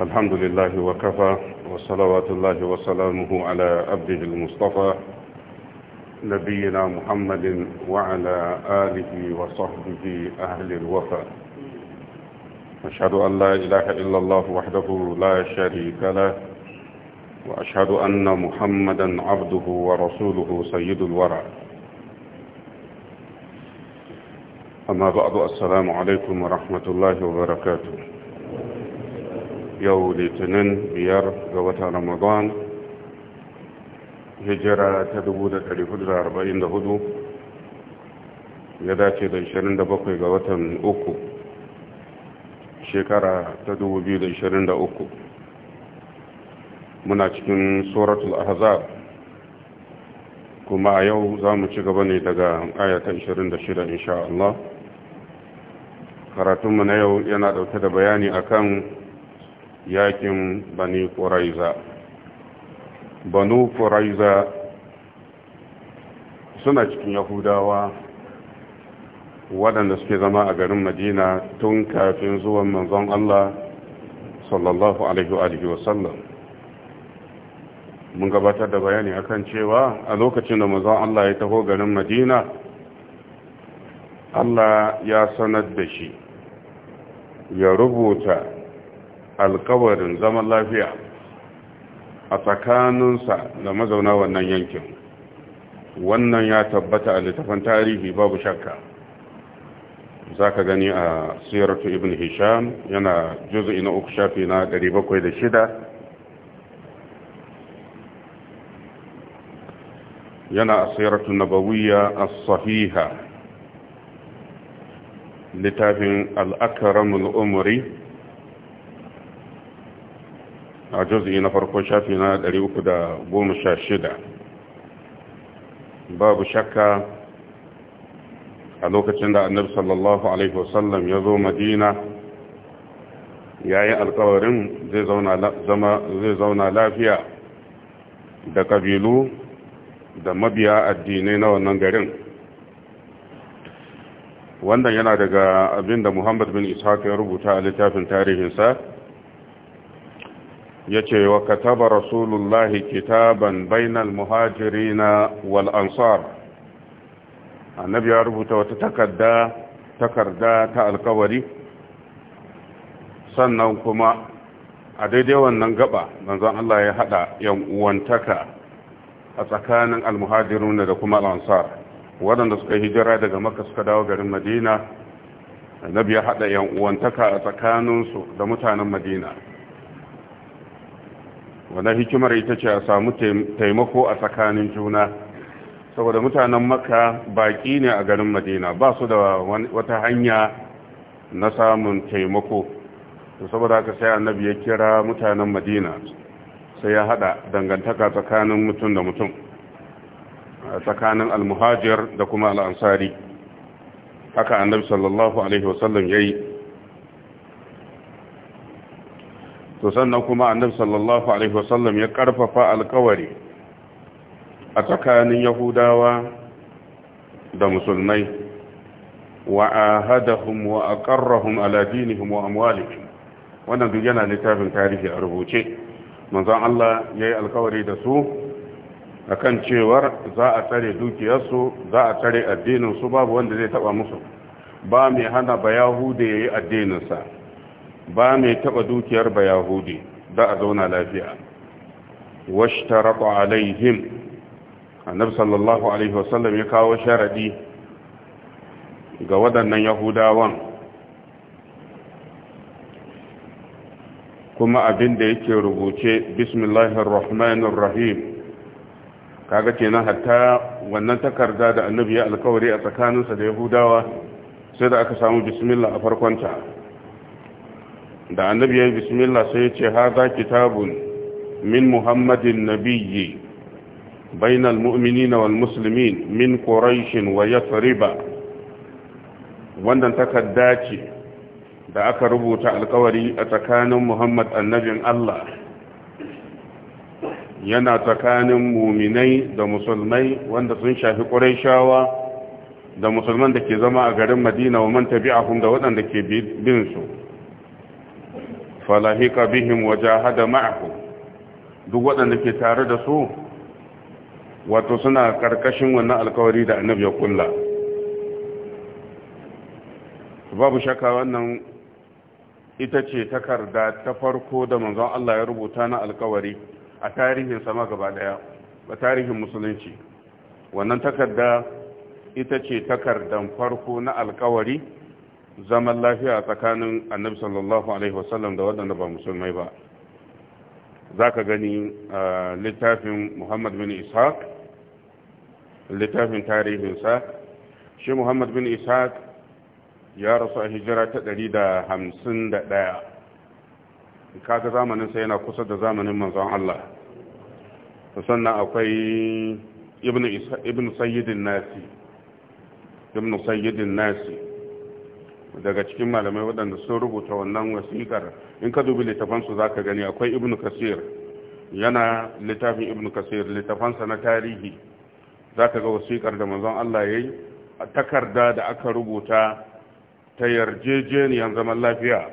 الحمد لله وكفى وصلوات الله وسلامه على عبده المصطفى نبينا محمد وعلى آله وصحبه أهل الوفا أشهد أن لا إله إلا الله وحده لا شريك له وأشهد أن محمدا عبده ورسوله سيد الورى أما بعد السلام عليكم ورحمة الله وبركاته yau litinin biyar ga watan ramadan hijira ta 1444 ya dace da 27 ga watan uku shekara ta 2023 muna cikin suratul ahzab kuma a yau za mu ci gaba ne daga ayata 26 insha Allah karatunmu na yau yana dauke da bayani akan yakin bani ƙuraiza banu ƙuraiza suna cikin yahudawa waɗanda suke zama a garin madina tun kafin zuwan manzon allah sallallahu alaihi wa mun gabatar da bayani akan cewa a lokacin da manzon allah ya taho garin madina allah ya sanar da shi ya rubuta alkawarin zaman lafiya a tsakaninsa da mazauna wannan yankin wannan ya tabbata a littafin tarihi babu shakka za ka gani a siyarta ibn hisham yana juzu ina uku shafi na 706 yana a na Nabawiya a sahiha littafin al'akaramul umari a juzi na farko shafi na 316 babu shakka a lokacin da annabi sallallahu alaihi wasallam ya zo madina yayin alkawarin zai zauna lafiya da kabilu da mabiya addinai na wannan garin wannan yana daga abinda da muhammad bin ishaq ya rubuta a littafin tarihinsa ce wa kataba rasulullahi kitaban bainal muhajirina wal ansar annabi ya rubuta wata takarda takarda ta alkawari sannan kuma a daidai wannan gaba manzon Allah ya hada yan uwantaka a tsakanin almuhajiruna da kuma al-ansar waɗanda suka hijira daga makka suka dawo garin madina annabi ya hada yan uwantaka a tsakaninsu da mutanen madina wannan hikimar ita ce a samu taimako a tsakanin juna saboda mutanen makka baƙi ne a garin madina ba su da wata hanya na samun taimako saboda haka sai annabi ya kira mutanen madina sai ya hada dangantaka tsakanin mutum da mutum tsakanin almuhajir da kuma al'ansari haka annabi sallallahu alaihi wasallam ya yi to sannan kuma annabi sallallahu alaihi wasallam ya karfafa alkawari a tsakanin yahudawa da musulmai wa ahadahum wa aqarrahum ala dinihim wa amwalihim wannan duk yana littafin tarihi a rubuce manzon Allah yayi alkawari da su akan cewar za a tsare dukiyarsu za a tsare addinin su babu wanda zai taba musu ba mai hana ba yahude yayi addininsa ba mai taɓa dukiyar ba yahudi da a zauna lafiya washtaraku alaihim annabi sallallahu alaihi wasallam ya kawo sharaɗi. ga waɗannan yahudawan kuma abin da yake rubuce bismillahir rahmanir rahim kaga kenan hatta wannan takarda da annabi ya alkawari a tsakaninsa da yahudawa sai da aka samu bismillah a farkonta da annabi ya bismillah sai ya ce haza kitabun min muhammadin nabiyyi bainal mu'minina wal muslimin min ƙorashin wa riba. wannan takarda ce da aka rubuta alkawari a tsakanin muhammad annabin allah yana tsakanin muminai da musulmai wanda sun shafi ƙuraishawa da musulman da ke zama a garin madina wa man tabi'ahum da waɗanda ke binsu falahika bihim wa jahada ma'ahu duk waɗanda ke tare da su wato suna ƙarƙashin wannan alkawari da annabi ya kulla babu shakka wannan ita ce takarda ta farko da manzon Allah ya rubuta na alkawari a tarihin sama gaba daya a tarihin musulunci wannan takarda ita ce takardan farko na alkawari zaman lafiya a tsakanin annabi sallallahu alaihi wasallam da waɗanda ba musulmai ba za ka gani littafin muhammad bin ishaq littafin tarihinsa shi muhammad bin ishaq ya rasu a hijira ta 151 kaga zamaninsa yana kusa da zamanin manzon Allah sannan akwai ibn sayyidin nasi ibn sayyidin nasi daga cikin malamai waɗanda sun rubuta wannan wasiƙar in ka dubi littafansu za ka gani akwai ibn kasir yana littafin ibn kasir littafansa na tarihi za ka ga wasikar da manzon Allah ya yi a takarda da aka rubuta ta yarjejeniyar zaman lafiya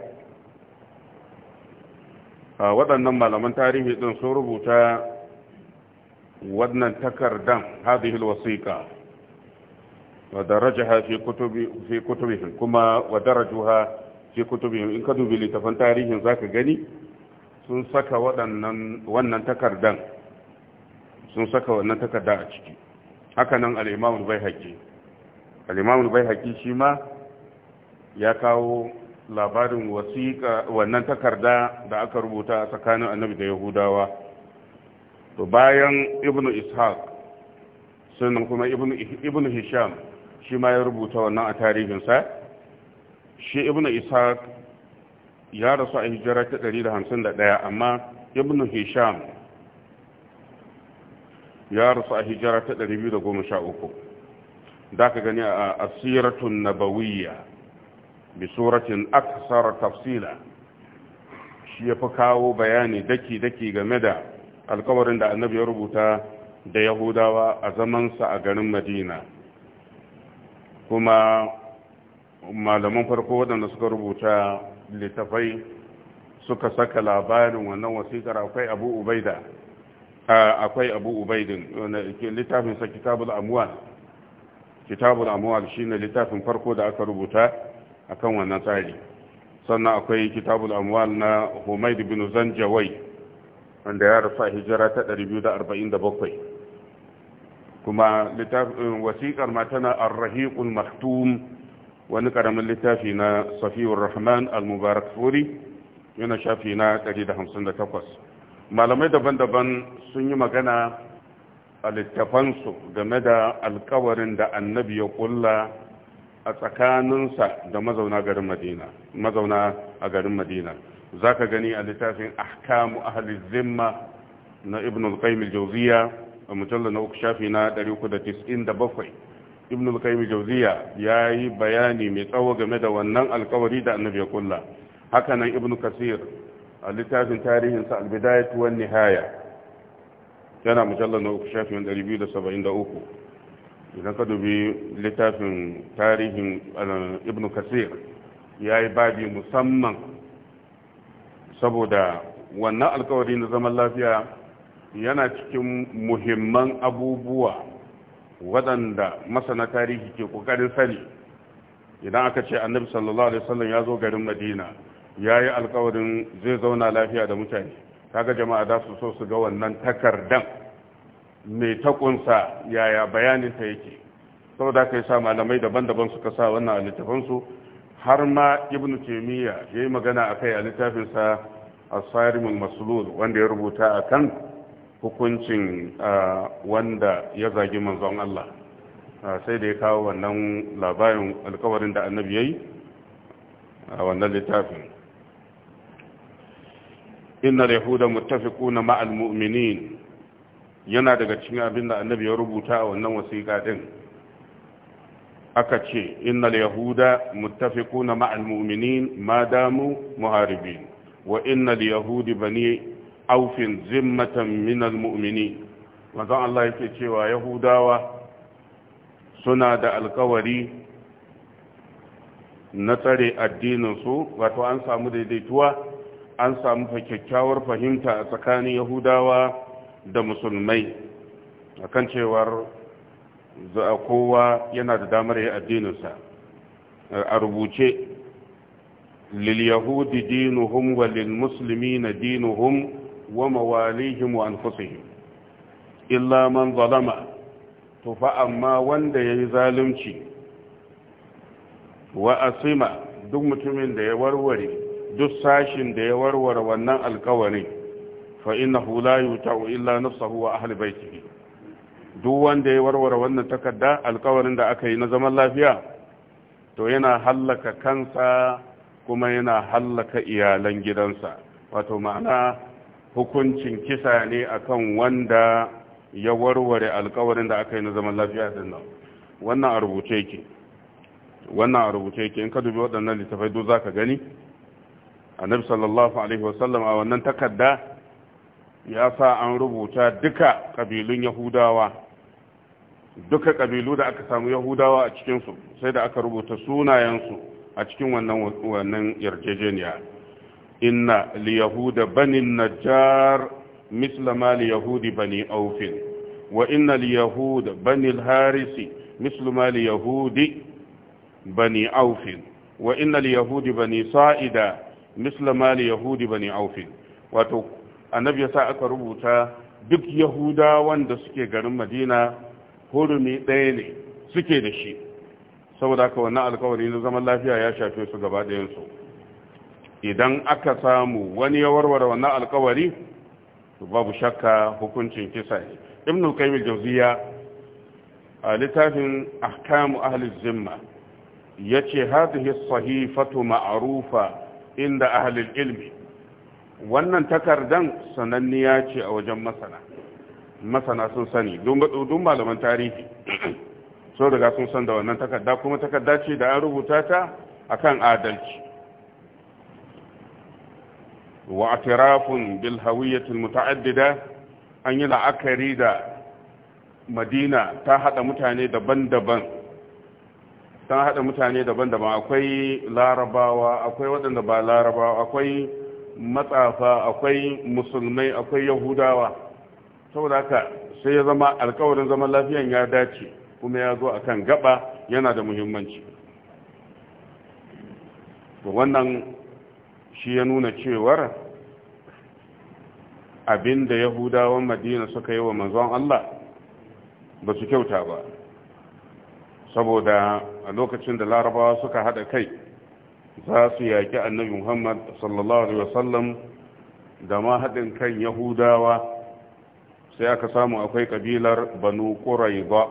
waɗannan malaman tarihi ɗin sun rubuta wannan takardan hadihil wasiƙa wa في كتب في كتبهم كما kuma wa كتبهم ان كتب in ka dubi littafan tarihin zaka gani sun saka waɗannan wannan takardan sun saka wannan takarda a ciki haka nan al-Imam al-Baihaqi al-Imam al-Baihaqi shi ma ya kawo labarin wasiƙa wannan takarda da aka rubuta tsakanin annabi da yahudawa to bayan ibnu ishaq sannan kuma ibnu hisham shi ma ya rubuta wannan a tarihinsa shi ibn ishaq ya rasu a hijira ta 151 amma ibn hisham ya rasu a hijira ta 213 da ka gani a asiratun nabawiyya bi suratin aksar tafsila shi ya fi kawo bayani daki-daki game da alkawarin da annabi ya rubuta da yahudawa a zamansa a garin madina kuma malaman farko waɗanda suka rubuta littafai suka saka labarin wannan wasikar akwai abu ubaida akwai abu ubaidin littafin sa kitabul amuwal kitabul amwal shine littafin farko da aka rubuta akan wannan tsari sannan akwai kitabul amuwal na humaid bin zanjawai wanda ya rufa hijira ta 247 kuma eh, wasiƙar ma tana maktum wani ƙaramin littafi na safiyar rahman al-mubarak furi yana shafi na 158 malamai daban-daban sun yi magana a littafansu game da alkawarin da annabi ya ƙulla a tsakaninsa da mazauna garin madina mazauna a garin madina za ka gani a littafin ahkamu ahli zimma na ibn al-qayyim al-jawziya a mujallar na uku shafi na 397 ibn al-qayyim jawziya yi bayani mai tsawo game da wannan alkawari da annabi ya kulla haka nan ibn kasir a littafin tarihin sa al-bidayah wa nihaya yana mujallar na uku shafi na 273 idan ka dubi littafin tarihin ibn kasir yayi babi musamman saboda wannan alkawari na zaman lafiya yana cikin muhimman abubuwa waɗanda masana tarihi ke ƙoƙarin sani idan aka ce annabi sallallahu alaihi wasallam ya zo garin madina ya yi alkawarin zai zauna lafiya da mutane kaga jama'a za su so su ga wannan takardan mai takunsa yaya bayaninta yake saboda aka yi sa malamai daban-daban suka sa wannan a littafansu har ma ibn taimiyya ya yi magana a kai a littafinsa a tsarimul maslul wanda ya rubuta a kan hukuncin wanda ya zagi manzon Allah sai da ya kawo wannan labarin alkawarin da annabi ya yi a wannan littafin inna yahuda muttafiquna ma'al mu'minin yana daga cikin abin da annabi ya rubuta a wannan wasiƙa ɗin. aka ce innal yahuda muttafiquna ma'al mu'minin ma damu muharibin wa innal yahudi bani aufin zimmatan minal mu'mini manzon Allah yake cewa yahudawa suna da alkawari na tsare addininsu wato an samu daidaituwa an samu kyakkyawar fahimta a tsakanin yahudawa da musulmai akan cewar za kowa yana da damar yi addininsa a rubuce lil yahudi dinuhum wa lil muslimina dinuhum wa mawalihim wa anfusihim illa man zalama amma wanda yayi zalunci wa asima duk mutumin da ya warware duk sashin da ya warware wannan alkawari fa innahu la yuta'u illa nafsuhu wa ahli duk wanda ya warware wannan takarda alkawarin da aka yi na zaman lafiya to yana hallaka kansa kuma yana hallaka iyalan gidansa wato ma'ana hukuncin kisa ne akan wanda ya warware alkawarin da aka yi na zaman lafiya din nan wannan a rubuce yake wannan a rubuce yake in ka dubi waɗannan littafai duk zaka gani annabi sallallahu alaihi wasallam a wannan takarda ya sa an rubuta duka kabilun yahudawa duka kabilu da aka samu yahudawa a cikinsu sai da aka rubuta sunayensu a cikin wannan yarjejeniya inna liyahuda bani najjar misla ma liyahudi bani aufin wa inna liyahuda bani harisi misla ma liyahudi bani aufin wa inna liyahudi bani sa'ida misla ma liyahudi bani aufin wato annabi ya sa aka rubuta duk yahuda wanda suke garin madina hurumi ɗaya ne suke da shi saboda haka wannan alkawari na zaman lafiya ya shafe su gaba ɗayansu idan aka samu wani ya warware wannan alkawari babu shakka hukuncin kisa ne ibn al jawziya a littafin ahkamu ahli zimma yace hadhihi sahifatu ma'rufa inda ahli ilmi wannan takardan sananniya ce a wajen masana masana sun sani dun malaman tarihi sun riga sun san da wannan takarda kuma takarda ce da an rubuta ta akan adalci wa atirafun bil hawiyyatul muta'addida an yi la'akari da madina ta haɗa mutane daban-daban ta hada mutane daban-daban akwai larabawa akwai waɗanda ba larabawa akwai matsafa akwai musulmai akwai yahudawa saboda haka sai ya zama alkawarin zaman lafiyan ya dace kuma ya zo akan gaɓa yana da muhimmanci wannan shi ya nuna cewar abinda yahudawan madina suka yi wa manzon Allah ba su kyauta ba saboda a lokacin da larabawa suka hada kai za su yaƙi annabi muhammad sallallahu alaihi wasallam da ma haɗin kan yahudawa sai aka samu akwai ƙabilar banu ƙuraiba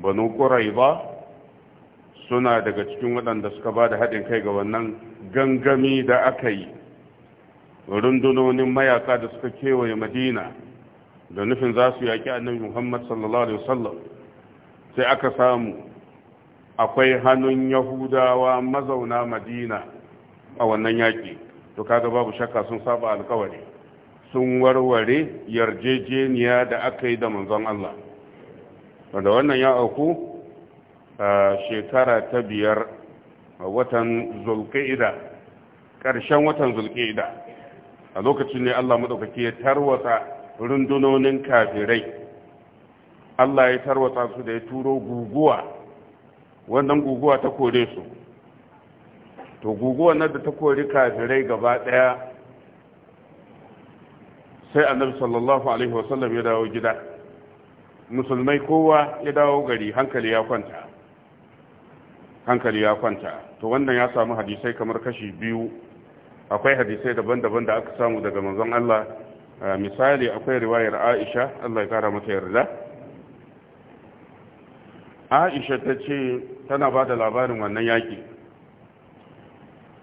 banu ƙuraiba suna daga cikin waɗanda suka ba da haɗin kai ga wannan gangami da aka yi rundunonin mayaka da suka kewaye madina da nufin za su yaƙi annabi muhammad sallallahu alaihi wasallam sai aka samu akwai hannun yahudawa mazauna madina a wannan yaƙi to kaga babu shakka sun saba alkawari sun warware yarjejeniya da aka yi da manzon allah wanda wannan ya auku shekara ta biyar watan zulqa'ida ƙarshen watan zulqa'ida a lokacin ne Allah madaukaki ya tarwata rundunonin kafirai Allah ya tarwata su da ya turo guguwa wannan guguwa ta kore su to guguwa nan da ta kori kafirai gaba ɗaya, sai annabi sallallahu alaihi wasallam ya dawo gida musulmai kowa ya dawo gari hankali ya kwanta hankali ya kwanta to wannan ya samu hadisai kamar kashi biyu akwai hadisai daban-daban da aka samu daga manzon Allah misali akwai riwayar Aisha Allah ya kara mata yarda Aisha ta ce tana ba da labarin wannan yaki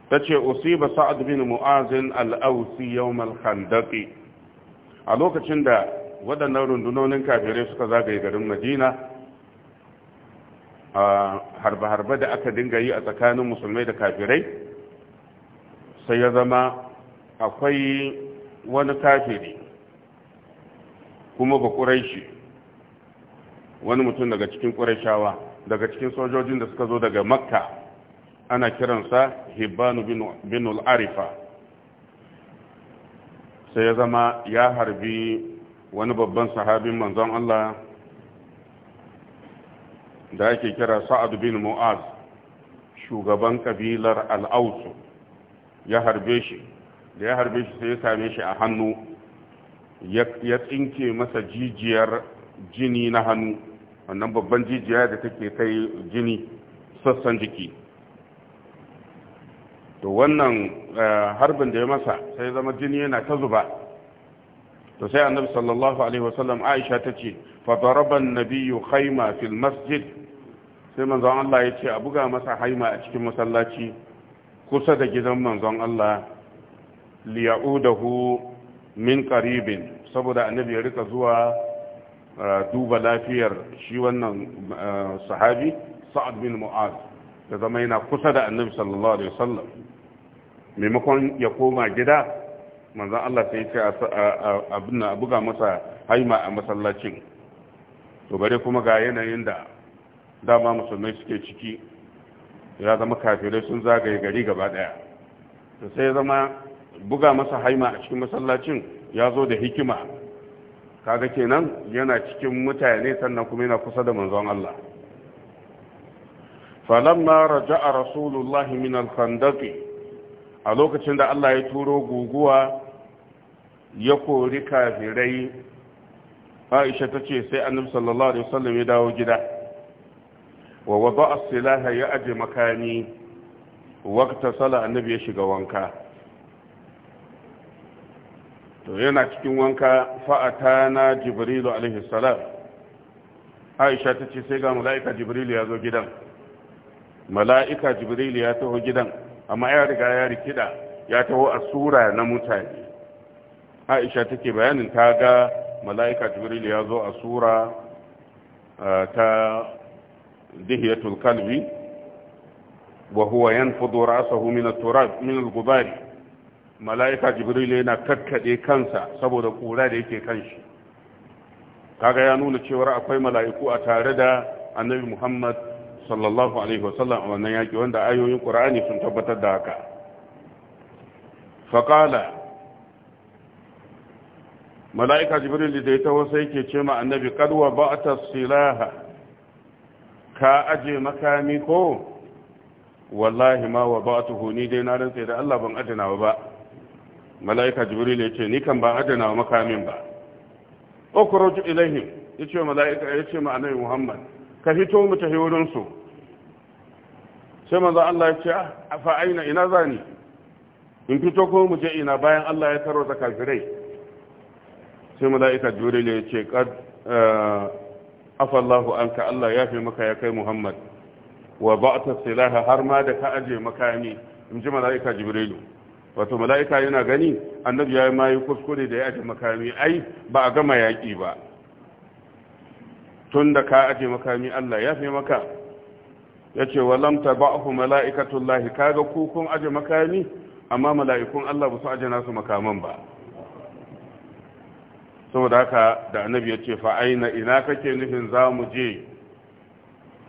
ta ce usiba sa'ad bin mu'azin al awsi yawm al-khandaq a lokacin da waɗannan rundunonin kafirai suka zagaye garin Madina harba-harba da aka dinga yi a tsakanin musulmai da kafirai sai ya zama akwai wani kafiri kuma ba shi wani mutum daga cikin shawa daga cikin sojojin da suka zo daga makka ana kiransa hibbanu bin al-Arifa. sai ya zama ya harbi wani babban sahabin manzon Allah da ake kira sa'ad bin mu'az shugaban kabilar al'ausu ya harbe shi da ya harbe shi sai ya same shi a hannu ya tsinke masa jijiyar jini na hannu wannan babban jijiya da take kai jini sassan jiki to wannan eh, harbin da ya masa sai zama jini yana ta zuba to sai annabi sallallahu alaihi wasallam aisha ta ce fa daraban nabiyyu khayma fil masjid sai manzon Allah ya ce a buga masa haima a cikin masallaci kusa da gidan manzon Allah liya'udahu min qaribin saboda annabi ya rika zuwa uh, duba lafiyar shi wannan uh, sahabi sa'ad bin mu'az da zama yana kusa da annabi sallallahu alaihi wasallam maimakon ya koma gida manzon Allah sai ya ce a buga masa haima a masallacin to bare kuma ga yanayin da dama musulmai suke ciki ya zama kafirai sun zagaye gari gaba daya to sai zama buga masa haima a cikin masallacin ya zo da hikima kaga kenan yana cikin mutane sannan kuma yana kusa da manzon Allah falamma raja'a rasulullahi min al-khandaqi a lokacin da Allah ya turo guguwa ya kori kafirai Aisha tace sai Annabi sallallahu alaihi wasallam ya dawo gida wa wada as-silaha ya aje makani waqta sala annabi ya shiga wanka yana cikin wanka fa'atana jibrilu alaihi salam aisha tace sai ga mala'ika jibrilu ya zo gidan mala'ika jibrilu ya taho gidan amma ya riga ya rikida ya taho asura na mutane aisha take bayanin ta ga mala'ika jibril ya zo a ah, ta dihiyatul kalbi وهو ينفض yanfudu من التراب من الغبار min al-gubari malaika jibril yana kakkade kansa saboda kura da yake kanshi kaga ya nuna cewa akwai mala'iku a tare da annabi Muhammad sallallahu alaihi wasallam a wannan yaki wanda ayoyin Qur'ani sun tabbatar da haka faqala mala'ika jibril da ya taho sai yake ce ma annabi qad wa ba'ta silaha ka aje makami ko wallahi ma wa ba'atuhu ni dai na rantsa da Allah ban adana wa ba malaika jibril yace ni kan ba adana wa makamin ba ukhruj ilaihim yace malaika yace ma annabi muhammad ka fito mu tafi wurin su sai manzo Allah yace ah, fa aina ina zani in fito ko mu je ina bayan Allah ya taro ta kafirai sai malaika jibril yace qad eh, afallahu anka Allah ya fi maka ya kai Muhammad wa ba'ta silaha har ma da ka aje makami in ji mala'ika jibrilu wato mala'ika yana gani annabi ya ma yi kuskure da ya aje makami ai ba a gama yaƙi ba tun da ka aje makami Allah ya fi maka ya ce wa lamta ba'ahu mala'ikatullahi ga kukun aje makami amma mala'ikun Allah ba su aje nasu makaman ba saboda haka da annabi ya ce fa aina ina kake nufin za mu je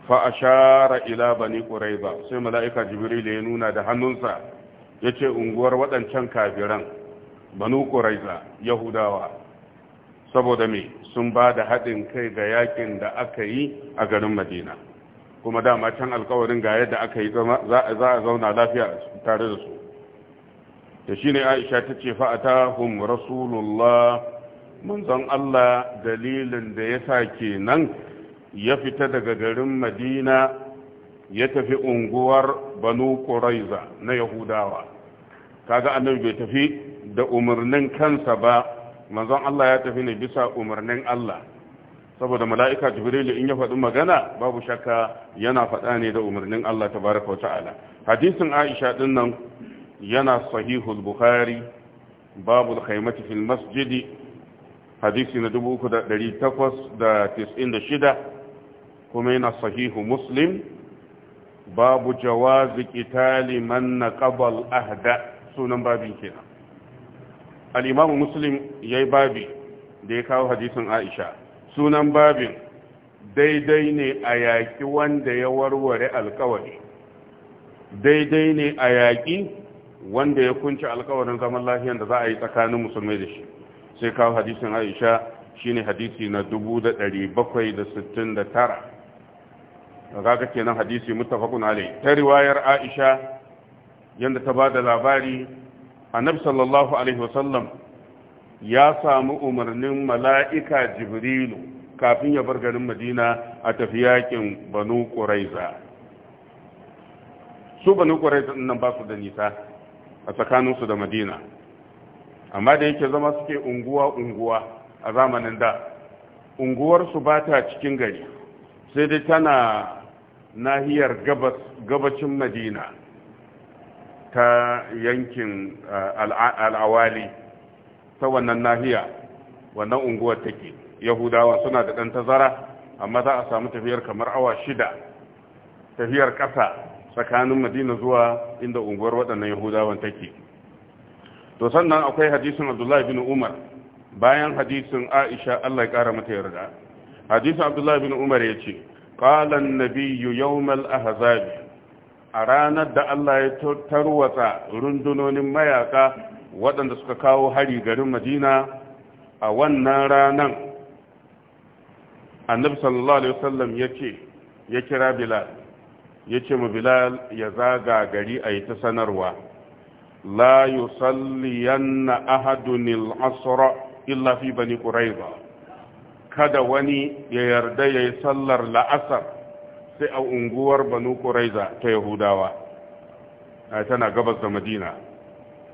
fa ashara ila bani quraiba sai mala'ika jibril ya nuna da hannunsa yace unguwar waɗancan kafiran banu quraiza yahudawa saboda me sun ba da haɗin kai ga yakin da aka yi a garin madina kuma dama can alkawarin ga yadda aka yi za a zauna lafiya tare da su da shi aisha tace fa atahum rasulullah manzon Allah dalilin da ya sa kenan ya fita daga garin Madina ya tafi unguwar Banu Quraiza na Yahudawa kaga annabi bai tafi da umarnin kansa ba manzon Allah ya tafi ne bisa umarnin Allah saboda mala'ika jibrilu in ya faɗi magana babu shakka yana faɗa ne da umarnin Allah tabaraka ta'ala hadisin Aisha ɗinnan yana sahihul Bukhari babu khaymati fil masjidi hadisi na 3896 kuma yana sahihu muslim babu jawazi kitali man naqabal ahda sunan babin kenan al-imamu muslim yi babi da ya kawo hadisin Aisha sunan babin daidai ne a yaƙi wanda ya warware alkawari daidai ne a yaƙi wanda ya kunci alkawarin zaman lafiyar da za a yi tsakanin musulmai da shi sai kawo hadisin aisha shine hadisi na 769 kaga kenan hadisi muttafaqun alai ta riwayar aisha yanda ta ba da labari annabi sallallahu alaihi wasallam ya sami umarnin mala'ika jibrilu kafin ya bar garin madina a tafi yakin banu ƙuraiza su banu ƙuraiza nan ba su da nisa a tsakaninsu da madina amma da yake zama suke unguwa-unguwa a zamanin da unguwarsu ba ta cikin gari sai dai tana nahiyar gabacin madina ta yankin eh, al'awali ta wannan nahiya wannan unguwar take yahudawa suna da ɗan tazara amma za a samu tafiyar kamar awa shida tafiyar ƙasa tsakanin madina zuwa inda unguwar waɗannan yahudawan take to sannan akwai hadisin abdullahi bin umar bayan hadisin aisha allah ya kara mata yarda hadisin abdullahi bin umar ya ce ƙalan nabiyu yawmal ahzabi a ranar da allah ya tarwatsa rundunonin mayaka waɗanda suka kawo hari garin madina a wannan ranar annabi sallallahu alaihi wasallam ya ce ya kira bilal ya ce mu bilal ya zaga gari a yi ta sanarwa Layu yusalliyanna ahadun al-asra kada wani ya yarda yayi sallar la'asar sai a unguwar banu quraiza ta yahudawa tana gabas da madina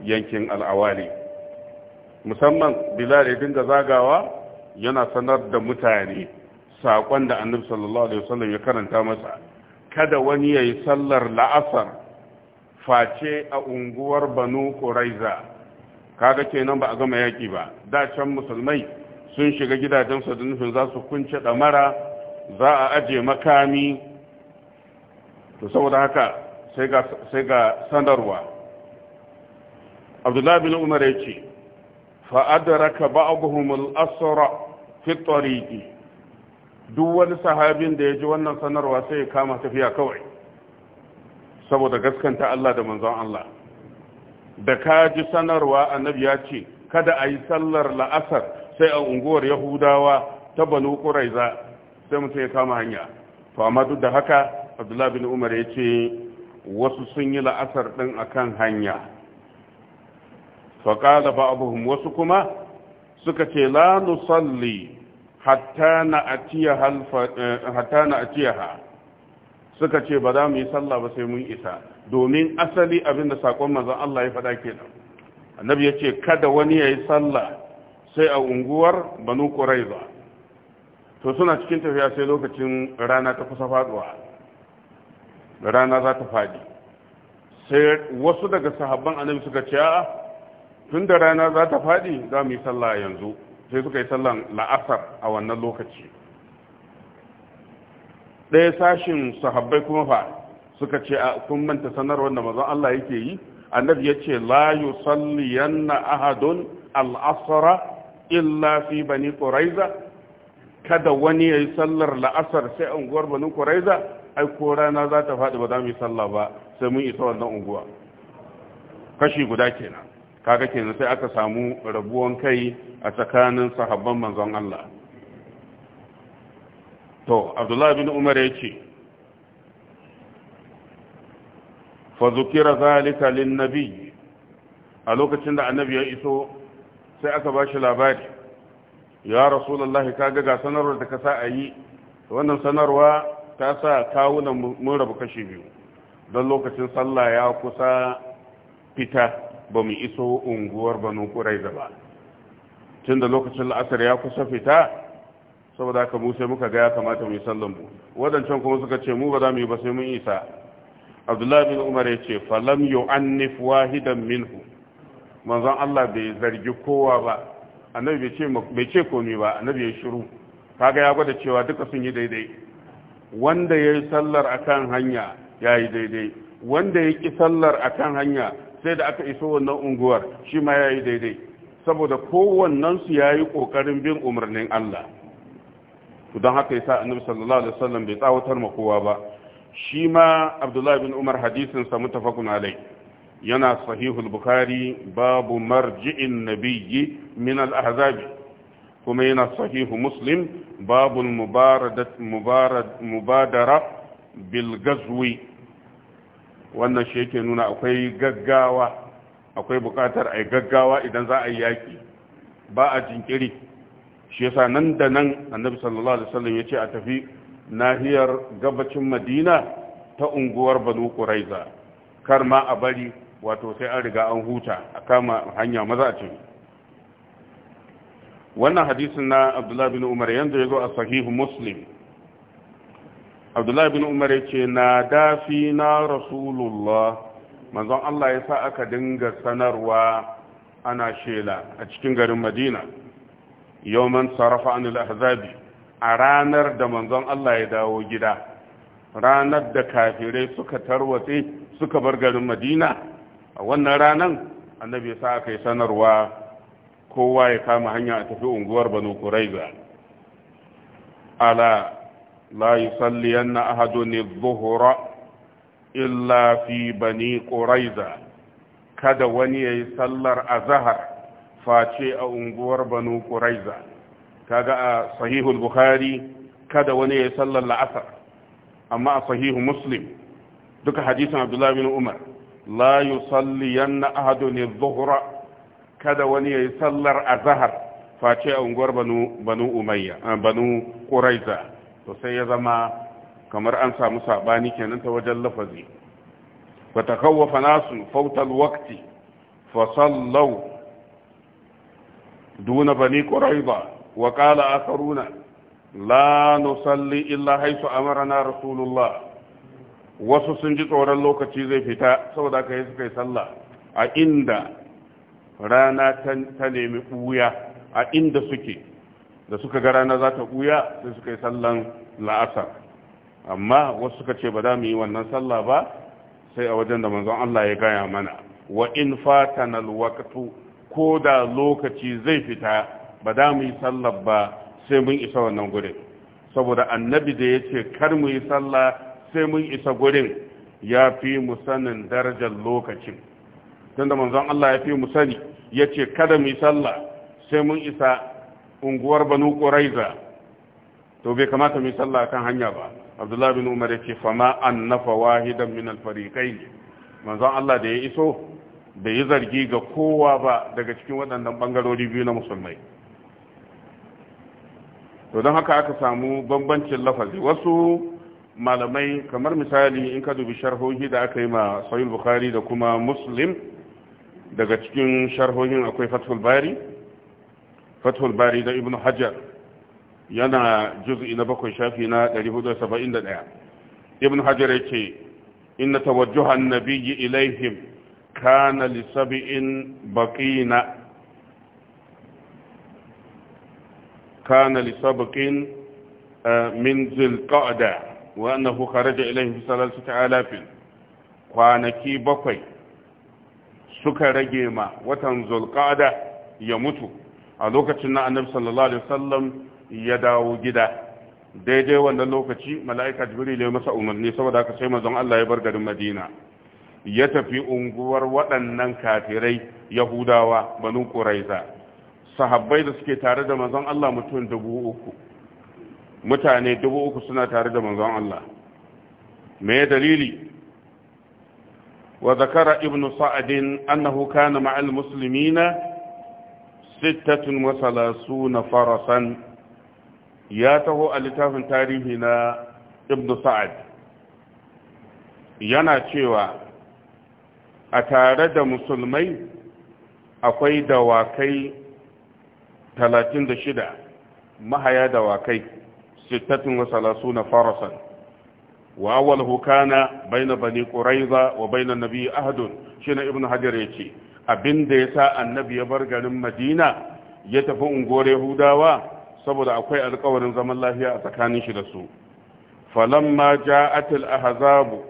yankin al'awali musamman bilal ya dinga zagawa yana sanar da mutane saƙon da annabi sallallahu alaihi wasallam ya karanta masa kada wani ya yi sallar la'asar face a unguwar banu ƙuraiza kaga kenan ba a gama yaƙi ba da can musulmai sun shiga gidajensu da nufin za su kunce ɗamara za a aje makami to saboda haka sai ga sanarwa abdullahi bin umar ya ce fa'adaraka ba'abuhumul asra fi tariki duk wani sahabin da ya ji wannan sanarwa sai ya kama tafiya kawai saboda gaskanta Allah da manzon Allah da ka ji sanarwa annabi ya ce kada a yi sallar la'asar sai a unguwar yahudawa ta banu ƙuraiza sai mutum ya kama hanya to amma duk da haka abdullahi bin umar ya ce wasu sun yi la'asar ɗin a kan hanya faƙala ba abuhun wasu kuma suka ce la nusalli hatta na eh, atiyaha suka ce ba za mu yi sallah ba sai mun isa domin asali abin da sakon manzon Allah ya faɗa kenan annabi ya ce kada wani ya yi sallah sai a unguwar banu ƙuraiza to suna cikin tafiya sai lokacin rana ta kusa faduwa rana za ta faɗi sai wasu daga sahabban annabi suka ce a tun da rana za ta faɗi za mu yi sallah yanzu sai suka yi sallah la'asar a wannan lokaci ɗaya sashin sahabbai kuma fa suka ce a kun manta sanarwar da mazan Allah yake yi annabi ya ce la yusalliyanna ahadun al'asara illa fi bani ƙuraiza kada wani ya yi sallar la'asar sai unguwar bani ƙuraiza ai ko rana za ta faɗi ba za mu yi sallah ba sai mun isa wannan unguwa kashi guda kenan kaga kenan sai aka samu rabuwan kai a tsakanin sahabban manzon Allah to abdullahi bin umar ya ce fazukira zukira zalika lin nabi a lokacin da annabi ya iso sai aka ba shi labari ya rasulullahi kaga ga sanarwar da ka sa a yi wannan sanarwa ta sa kawunan mun rabu kashi biyu don lokacin sallah ya kusa fita ba mu iso unguwar banu ƙurai ba tun da lokacin la'asar ya kusa fita saboda haka mu sai muka ga ya kamata mu yi sallan mu wadancan kuma suka ce mu ba za mu yi ba sai mun isa abdullahi bin umar ya ce falam yu'annif wahidan minhu manzon Allah bai zargi kowa ba annabi bai ce bai ce komai ba annabi ya shiru kaga ya gwada cewa duka sun yi daidai wanda ya yi sallar akan hanya ya daidai wanda ya ki sallar akan hanya sai da aka iso wannan unguwar shi ma yayi daidai saboda kowannensu ya yi ƙoƙarin bin umarnin Allah don haka yasa annabi sallallahu alaihi wasallam bai tsawatar ma kowa ba shi ma abdullahi bin umar hadisin sa mutafakun alai yana sahihul bukhari babu marji'in nabiyyi min al-ahzab kuma yana sahihu muslim babu mubaradat mubarad mubadara bil gazwi wannan shi yake nuna akwai gaggawa akwai bukatar ai gaggawa idan za a yi yaki ba a jinkiri shi yasa nan da nan annabi sallallahu alaihi wasallam ya a tafi nahiyar gabacin madina ta unguwar banu quraiza kar ma a bari wato sai an riga an huta a kama hanya maza a ce wannan hadisin na abdullahi bin umar yanzu ya zo a sahih muslim abdullahi bin umar yace ce na dafi na rasulullah manzon allah yasa aka dinga sanarwa ana shela a cikin garin madina yawman sarafa anil ahzabi a ranar da manzon Allah ya dawo gida ranar da kafirai suka tarwatse suka bar garin Madina a wannan ranan annabi sa aka yi sanarwa kowa ya kama hanya a tafi unguwar Banu Quraiza ala la yusalliyanna ahadun adh Zuhura, illa fi bani Quraiza kada wani yayi sallar azahar. face a unguwar banu ƙuraiza kaga a sahihul bukhari kada wani ya sallar la'asar amma a sahihu muslim duka hadisin abdullahi bin umar la na ahadu ne dhuhra kada wani ya sallar azahar face a unguwar banu banu umayya banu quraiza to sai ya zama kamar an samu saɓani kenan ta wajen lafazi wa takawwafa nasu fawta al-waqti fasallau. دون بني قريظة وقال آخرون لا نصلي إلا حيث أمرنا رسول الله wasu sun ji tsoron lokaci zai fita saboda aka yi suka yi sallah a inda rana ta nemi ɓuya a inda suke da suka ga rana za ta ɓuya sai suka yi sallan la'asar amma wasu suka ce ba za mu yi wannan sallah ba sai a wajen da manzon Allah ya gaya mana wa in fatanal waqtu ko da lokaci zai fita ba da mu yi sallar ba sai mun isa wannan gurin saboda annabi da ya ce kar mu yi sallah sai mun isa gurin ya fi musanin darajar lokacin tunda manzon Allah ya fi musani ya ce kada mu yi sallah sai mun isa unguwar banu ƙuraiza to bai kamata mu yi sallah kan hanya ba abdullahi bin umar ya ce fama annafa wahidan min al-fariqain manzon Allah da ya iso bai yi zargi ga kowa ba daga cikin waɗannan ɓangarori biyu na musulmai to don haka aka samu bambancin lafazi wasu malamai kamar misali in ka dubi sharhohi da aka yi ma sahih bukhari da kuma muslim daga cikin sharhohin akwai fathul bari fathul bari da ibnu hajar yana juz'i na bakwai shafi na 471 ibnu hajar yake inna tawajjuhan nabiyyi ilaihim kana li sab'in baqina kana li sabqin min zil qa'da wa annahu kharaja ilayhi fi kwanaki bakwai suka rage ma watan zulqa'da ya mutu a lokacin na annabi sallallahu alaihi wasallam ya dawo gida daidai wannan lokaci mala'ika jibril ya masa umarni saboda haka sai manzon Allah ya bar garin Madina ya tafi unguwar waɗannan kafirai yahudawa banu ƙuraiza sahabbai da suke tare da manzon Allah mutum dubu uku mutane dubu uku suna tare da manzon Allah me dalili wa zakara ibn sa'adin annahu kana ma'al muslimina sittatun wa salasuna farasan ya taho a littafin tarihi na ibn sa'ad yana cewa a tare da musulmai akwai dawakai shida, mahaya dawakai na farasan wa awal hukana na bani ƙuraiza wa bai na nabi ahadun Ibn ibnu hajar ce. abinda ya sa annabi ya bar garin madina ya tafi ungore hudawa saboda akwai alkawarin zaman lafiya a tsakanin shi da su falamma ja'atul ahzabu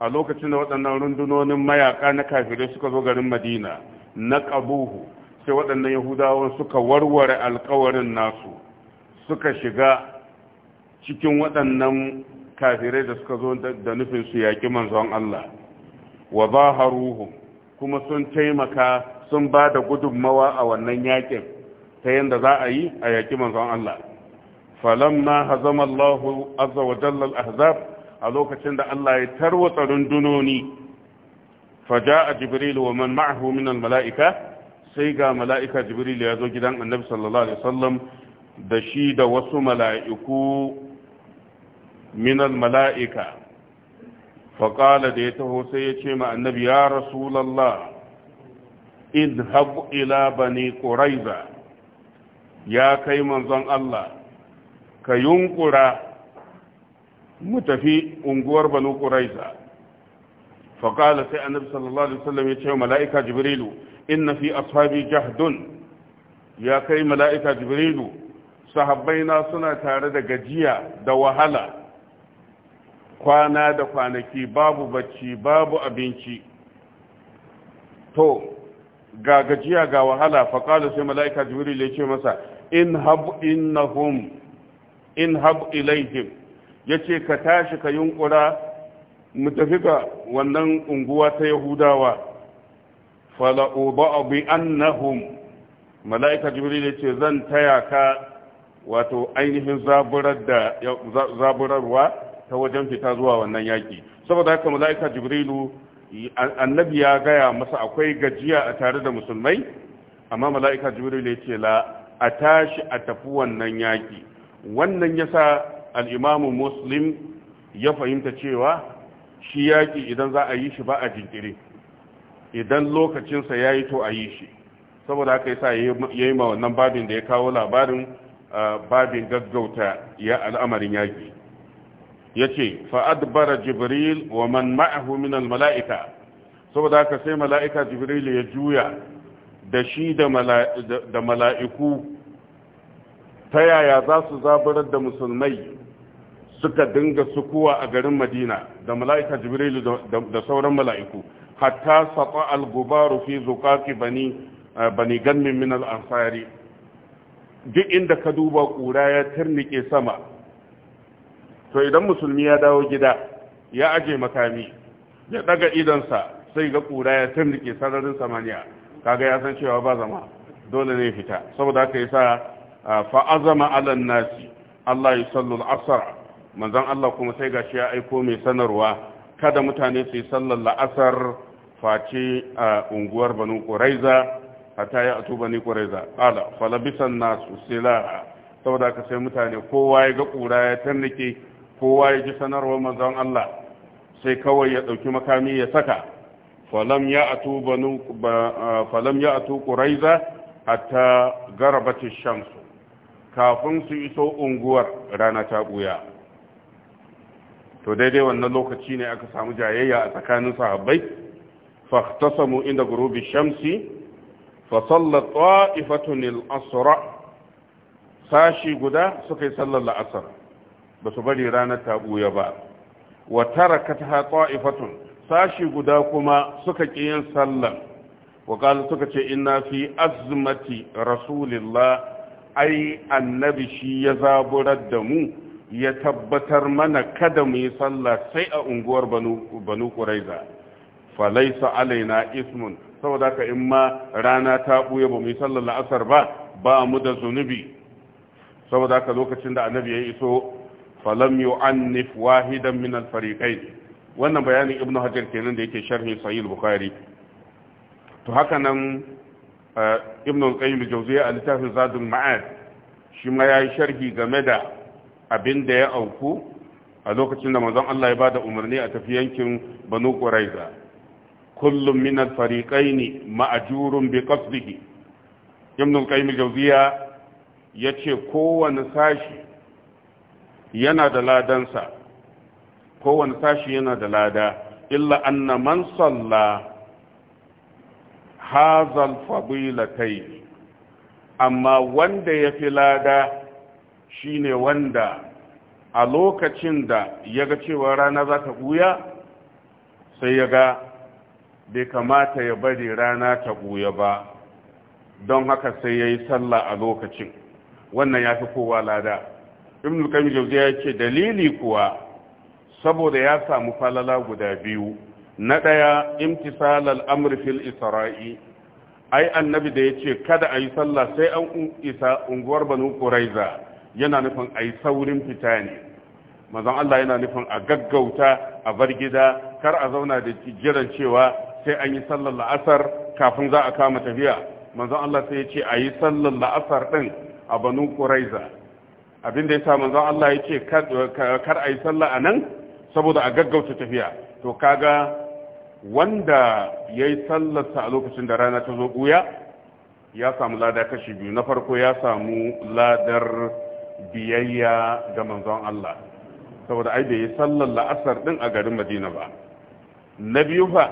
a lokacin da waɗannan rundunonin mayaka na kafirai suka zo garin madina na ƙabuhu sai waɗannan yahudawan suka warware alkawarin nasu suka shiga cikin waɗannan kafirai da suka zo da nufin su yaƙi manzon Allah wa zaharuhum kuma sun taimaka sun ba da gudunmawa a wannan yaƙin ta yadda za a yi a yaƙi manzon Allah falamma hazama Allahu azza wa jalla al-ahzab a lokacin da Allah ya tarwatsa rundunoni faja a jibril wa man ma'ahu min mala'ika sai ga mala'ika jibril ya zo gidan annabi sallallahu alaihi wasallam da shi da wasu mala'iku min mala'ika faƙala da ya taho sai ya ce ma annabi ya rasulallah idhab ila bani quraiza ya kai manzon Allah ka yunkura mu tafi unguwar banu quraiza fa qala sai annabi sallallahu alaihi wasallam ya ce mala'ika jibrilu inna fi ashabi jahdun ya kai mala'ika jibrilu sahabbaina suna tare da gajiya da wahala kwana da kwanaki babu bacci babu abinci to ga gajiya ga wahala faƙalu sai mala'ika jibril ya ce masa in hab innahum in hab ilaihim ya ce ka tashi ka yunkura mu tafi ga wannan unguwa ta yahudawa fala'uba bi annahum mala'ika jibril ya ce zan taya ka wato ainihin zaburarwa ta wajen fita zuwa wannan yaki saboda haka mala'ika jibrilu annabi ya gaya masa akwai gajiya a tare da musulmai amma mala'ika jibril ya ce la a tashi a tafi wannan yaƙi wannan yasa al'imamu muslim ya fahimta cewa shi yaƙi idan za a yi shi ba a jinkiri idan lokacinsa ya yi to a yi shi saboda haka yasa ya yi ma wannan babin da ya kawo labarin babin gaggauta ya al'amarin yaƙi ya ce fa'adbara jibril wa man ma'ahu min mala'ika saboda haka sai mala'ika jibril ya juya da shi da mala'iku ta yaya za su zaburar da musulmai suka dinga sukuwa a garin madina da mala'ika jibrilu da sauran mala'iku hatta sata al fi zukaki bani eh, bani ganmin min al-ansari duk inda ka duba ƙura ya turnike sama to idan musulmi ya dawo gida ya aje makami ya daga idansa sai ga ƙura ya turnike sararin samaniya kaga ya san cewa ba zama dole ne fita saboda haka yasa eh, fa azama ala nasi Allah yusallu al-asr manzon Allah kuma sai gashi ya aiko mai sanarwa kada mutane su yi sallar la'asar face a unguwar banu ƙuraiza ta yi atu bani ƙuraiza ala falabisan nasu sila saboda ka sai mutane kowa ya ga ƙura ya tarnike kowa ya ji sanarwar manzon Allah sai kawai ya ɗauki makami ya saka falam ya atu banu a ta garabatin shamsu kafin su iso unguwar rana ta ɓuya to daidai wannan lokaci ne aka samu jayayya a tsakanin sahabbai fahtasamu inda gurubi shamsi fa salla ta'ifatun al-asra sashi guda suka yi sallar la'asar ba su bari ranar ta buya ba wa tarakatha ta'ifatun sashi guda kuma suka ki yin sallar wa qalu suka ce inna fi azmati rasulillah ai annabi shi ya zaburar da mu ya tabbatar mana kada mu yi sallah sai a unguwar banu ƙuraiza falaisa alaina ismun saboda ka in ma rana ta ɓuya ba mu yi sallar la'asar ba ba mu da zunubi saboda ka lokacin da annabi ya iso falam yu'annif wahidan min al wannan bayanin ibnu hajar kenan da yake sharhi sahih bukhari to haka nan eh, ibnu al-qayyim al-jawziyya al-tahfi zadul ma'ad shi ma yayi sharhi game da abin da ya auku a lokacin da manzon Allah ya bada umarni a tafi yankin Banu Quraiza kullum min al-fariqaini ma'jurun bi qasdihi Ibn al-Qayyim al-Jawziya yace kowanne sashi yana da ladansa kowanne sashi yana da lada illa anna man salla hadha al-fadilatayn amma wanda ya fi lada shine wanda a lokacin da ya ga cewa rana za ta ɓuya sai ya ga bai kamata ya bari rana ta ɓuya ba don haka sai ya yi sallah a lokacin wannan ya fi kowa lada ibn qayyim jauzi ya ce dalili kuwa saboda ya samu falala guda biyu na ɗaya imtisal al'amr fil isra'i ai annabi da ya ce kada a yi sallah sai an isa unguwar banu quraiza yana nufin a yi saurin fita ne mazan Allah yana nufin a gaggauta a bar gida kar a zauna da jiran cewa sai an yi sallar la'asar kafin za a kama tafiya mazan Allah sai ya ce a yi sallar la'asar ɗin a banu ƙuraiza abinda yasa manzon Allah ya ce kar a yi sallar a nan saboda a gaggauta tafiya to kaga wanda ya yi sallarsa a lokacin da rana ta zo ɓuya ya samu lada kashi biyu na farko ya samu ladar biyayya ga manzon Allah saboda ai bai yi sallar la'asar din a garin madina ba na biyu fa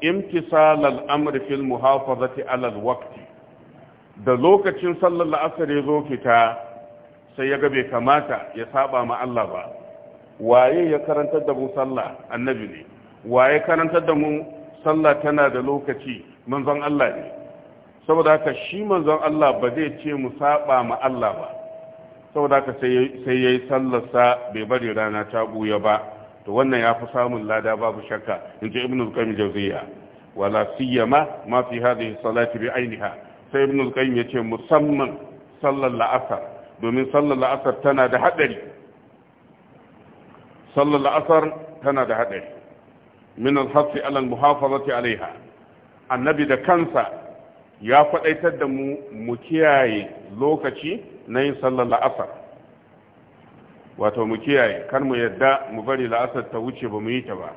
imtisal al'amri fil muhafazati alal waqti da lokacin sallar la'asar ya zo fita sai ya ga bai kamata ya saba ma Allah ba waye ya karantar da mu sallah annabi ne waye karantar da mu sallah tana da lokaci manzon Allah ne saboda haka shi manzon Allah ba zai ce mu saba ma Allah ba saboda haka sai ya yi sallarsa bai bari rana ta buya ba to wannan ya fi samun lada babu shakka in ji ibn al-qayyim wala siyama ma fi hadhihi salati bi ainiha sai ibn al yace musamman sallar la'asar domin sallar la'asar tana da hadari sallar la'asar tana da hadari min al-hafi ala al-muhafazati alaiha annabi da kansa ya faɗaitar da mu mu kiyaye lokaci na yin sallar la'asar wato mu kiyaye kan mu yadda mu bari la'asar ta wuce ba mu yi ta ba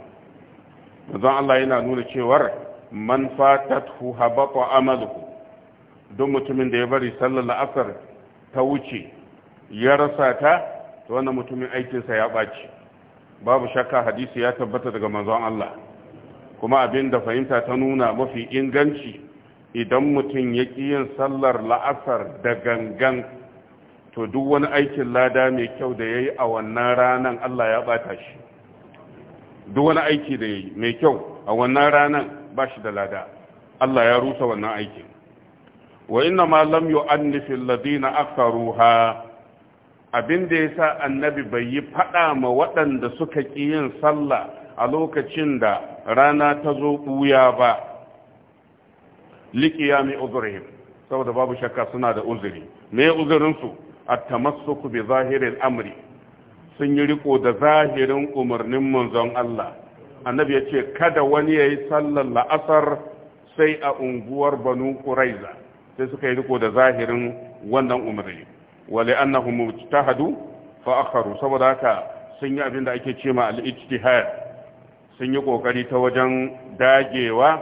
manzo Allah yana nuna cewar man fatathu habata amaluhu duk mutumin da ya bari sallar la'asar ta wuce ya rasa ta to wannan mutumin aikinsa ya ɓaci babu shakka hadisi ya tabbata daga manzon Allah kuma abin da fahimta ta nuna mafi inganci idan mutum ya ƙi yin sallar la'asar da gangan to duk wani aikin lada mai kyau da ya yi a wannan ranan Allah ya bata shi duk wani aiki da ya yi mai kyau a wannan ranan ba shi da lada Allah ya rusa wannan aikin wa inna ma lam yu'annif alladhina aktaruha abin da yasa annabi bai yi fada ma waɗanda suka ki yin sallah a lokacin da rana ta zo buya ba liqiyami udhrihim saboda babu shakka suna da uzuri me uzurinsu. at-tamassuku bi zahiril amri sun yi riko da zahirin umarnin manzon Allah annabi ya ce kada wani ya yi sallar la'asar sai a unguwar banu ƙuraiza sai suka yi riko da zahirin wannan umarni wale annahu mujtahadu fa akharu saboda haka sun yi abin da ake ce ma al-ijtihad sun yi ƙoƙari ta wajen dagewa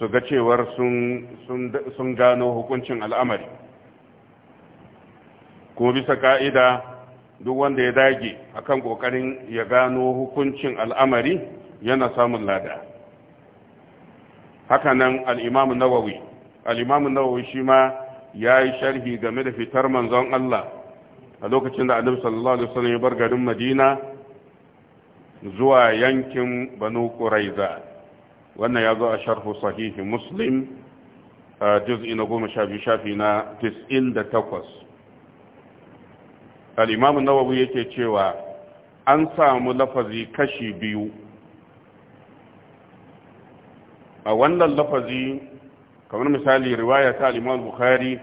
su ga cewar sun gano hukuncin al'amari Ko bisa ka'ida duk wanda ya dage a kan kokarin ya gano hukuncin al'amari yana samun lada hakanan al'imamu nawawi al'imamu nawawi shi ma ya yi sharhi game da fitar manzon Allah a lokacin da annabi sallallahu alaihi wasallam ya bar garin Madina zuwa yankin Banu Quraiza wannan ya zo a sharhu sahihi Muslim juz'i na 12 shafi na 98 alimamu imam an yake cewa an samu lafazi kashi biyu a wannan lafazi kamar misali riwaya ta al bukhari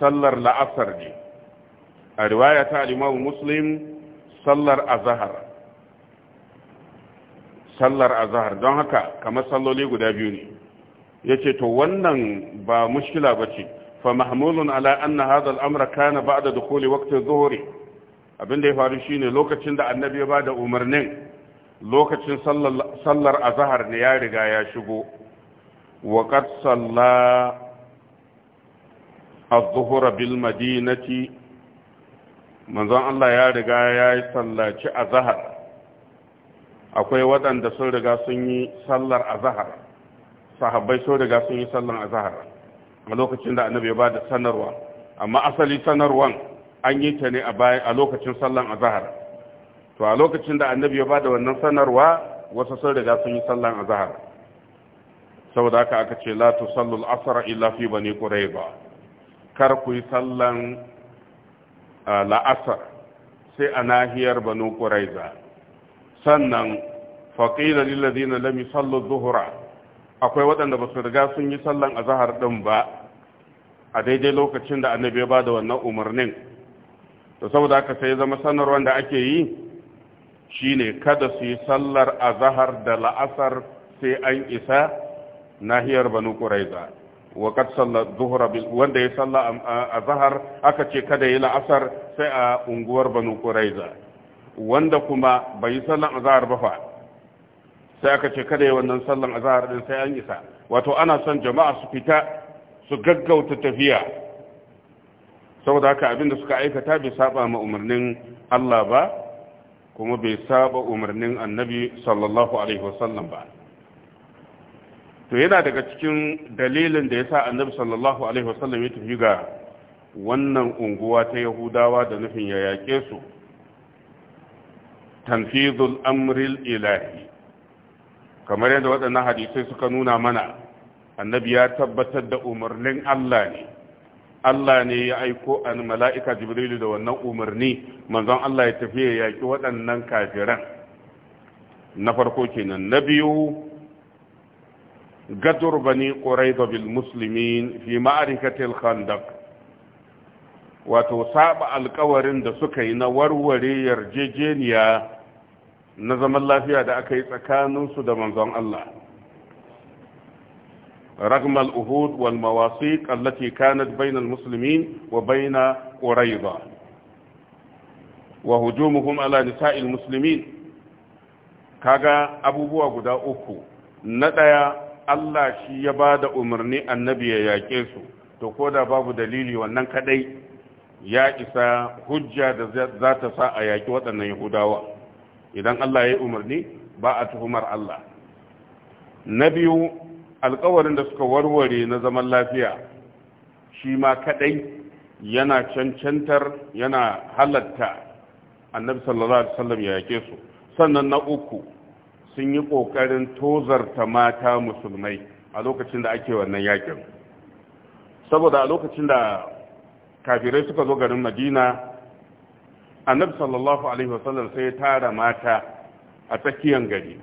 sallar la'asar ne a riwaya ta al muslim sallar azhar sallar azahar don haka kamar salloli guda biyu ne yace to wannan ba mushkila ce. فمحمول على أن هذا الأمر كان بعد دخول وقت الظهر abin da ya faru shine lokacin da annabi ya da umarnin lokacin sallar azahar ne ya riga ya shigo wa qad salla az madinati manzon Allah ya riga ya sallaci azahar akwai waɗanda sun riga sun yi sallar azhar sahabbai sun riga sun yi sallar azahar a lokacin da annabi ya bada sanarwa amma asali sanarwan an yi ta ne a bayan a lokacin sallan azhar to a lokacin da annabi ya bada wannan sanarwa wasu sun riga sun yi sallan azhar saboda haka aka ce la tusallu al-asr illa fi bani quraiba kar ku yi sallan la'asar sai a nahiyar banu quraiza sannan faqila lil ladina lam yusallu adh-dhuhra akwai waɗanda ba su riga sun yi sallan azahar ɗin ba a daidai lokacin da annabi ya ba wannan umarnin to saboda haka sai zama sanarwar da ake yi shine kada su yi sallar azahar da la'asar sai an isa nahiyar banu quraiza wa kad salla wanda ya salla azhar aka ce kada yi la'asar sai a unguwar banu quraiza wanda kuma bai sallan azhar ba fa sai aka ce kada yi wannan sallan zahar din sai an isa wato ana son jama'a su fita su gaggauta tafiya saboda haka abin da suka aikata bai saba ma umarnin Allah ba kuma bai saba umarnin annabi sallallahu alaihi wasallam ba to yana daga cikin dalilin da ya sa annabi sallallahu alaihi wasallam ya tafi ga wannan unguwa ta yahudawa da nufin ya yaƙe su tanfizul amril ilahi kamar yadda waɗannan hadisai suka nuna mana annabi ya tabbatar da umarnin Allah ne Allah ne ya aiko an mala'ika jibrilu da wannan umarni manzon Allah ya tafi ya yaki waɗannan kafiran na farko kenan na biyu gadur bani quraiza bil muslimin fi ma'rikatil khandaq wato saba alkawarin da suka yi na warware yarjejeniya na zaman lafiya da aka yi tsakaninsu da manzon Allah رغم الأهود والمواثيق التي كانت بين المسلمين وبين قريضة وهجومهم على نساء المسلمين كاغا أبو بوا غدا أوكو ندايا Allah shi ya ba da umarni annabi ya yaƙe su, to ko da babu dalili wannan kaɗai ya isa hujja da zata sa a yaƙi waɗannan Yahudawa. idan Allah ya yi umarni ba a tuhumar Allah na biyu alkawarin da suka warware na zaman lafiya shi ma kadai yana cancantar yana halatta annabi sallallahu alaihi wasallam ya yake su sannan na uku sun yi kokarin tozarta mata musulmai a lokacin da ake wannan yakin saboda a lokacin da kafirai suka zo garin madina annabi sallallahu alaihi wasallam sai ya tara mata a tsakiyar gari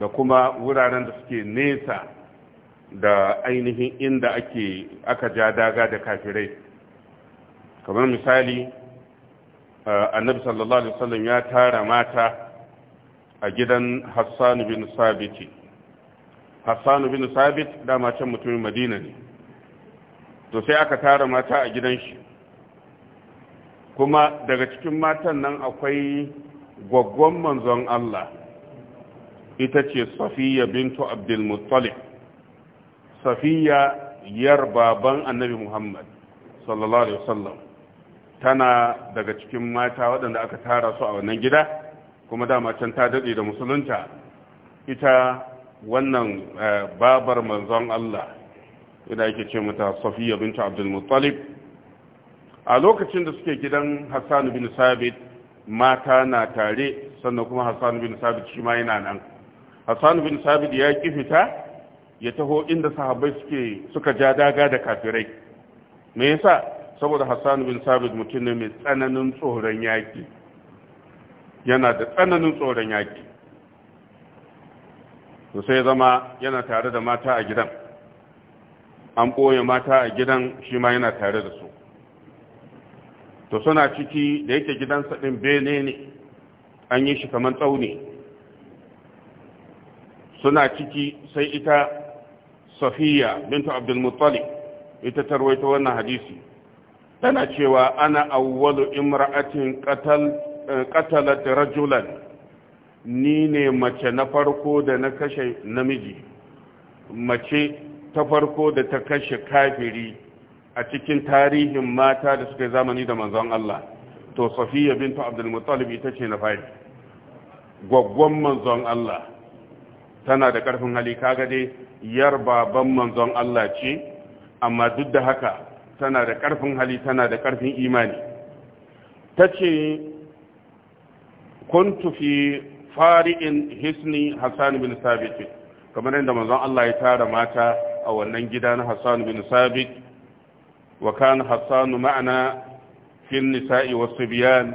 da kuma wuraren da suke nesa da ainihin inda ake aka ja daga da kafirai kamar misali eh, annabi sallallahu alaihi wasallam ya tara mata a gidan hassan bin sabiti hassan bin sabit dama can mutumin madina ne to sai aka tara mata a gidan shi kuma daga cikin matan nan akwai gwaggon manzon Allah ita ce safiya bintu abdulmuttalib safiya yar baban annabi muhammad sallallahu alaihi wasallam tana daga cikin mata waɗanda aka tara su a wannan gida kuma dama can ta daɗe da musulunta ita wannan eh, babar manzon Allah ina yake ce mata safiya bintu abdulmuttalib a lokacin da suke gidan hassan bin sabit mata na tare sannan kuma hassan bin sabit shi ma yana nan hassan bin sabit ya ki fita ya taho inda sahabbai suke suka ja daga da kafirai me yasa saboda hassan bin sabit mutum ne mai tsananin tsoron yaki yana da tsananin tsoron yaki to sai zama yana tare da mata a gidan an ɓoye mata a gidan shi ma yana tare da su to suna ciki da yake gidansa ɗin bene ne an yi shi kamar tsauni suna ciki sai ita safiya bintu abdulmuttalib ita tarwaita wannan hadisi tana cewa ana awwalu imra'atin qatalat rajulan ni ne mace na farko da na kashe namiji mace ta farko da ta kashe kafiri a cikin tarihin mata da suka yi zamani da manzon Allah to safiya bintu abdul muttalib ita ce na fari gwaggwan manzon Allah tana da ƙarfin hali kaga dai yar baban manzon Allah ce amma duk da haka tana da ƙarfin hali tana da ƙarfin imani tace kuntu fi fari'in hisni Hassan bin Sabit kamar yadda manzon Allah ya tara mata a wannan gida na Hassan bin Sabit وكان حسان معنا في النساء والصبيان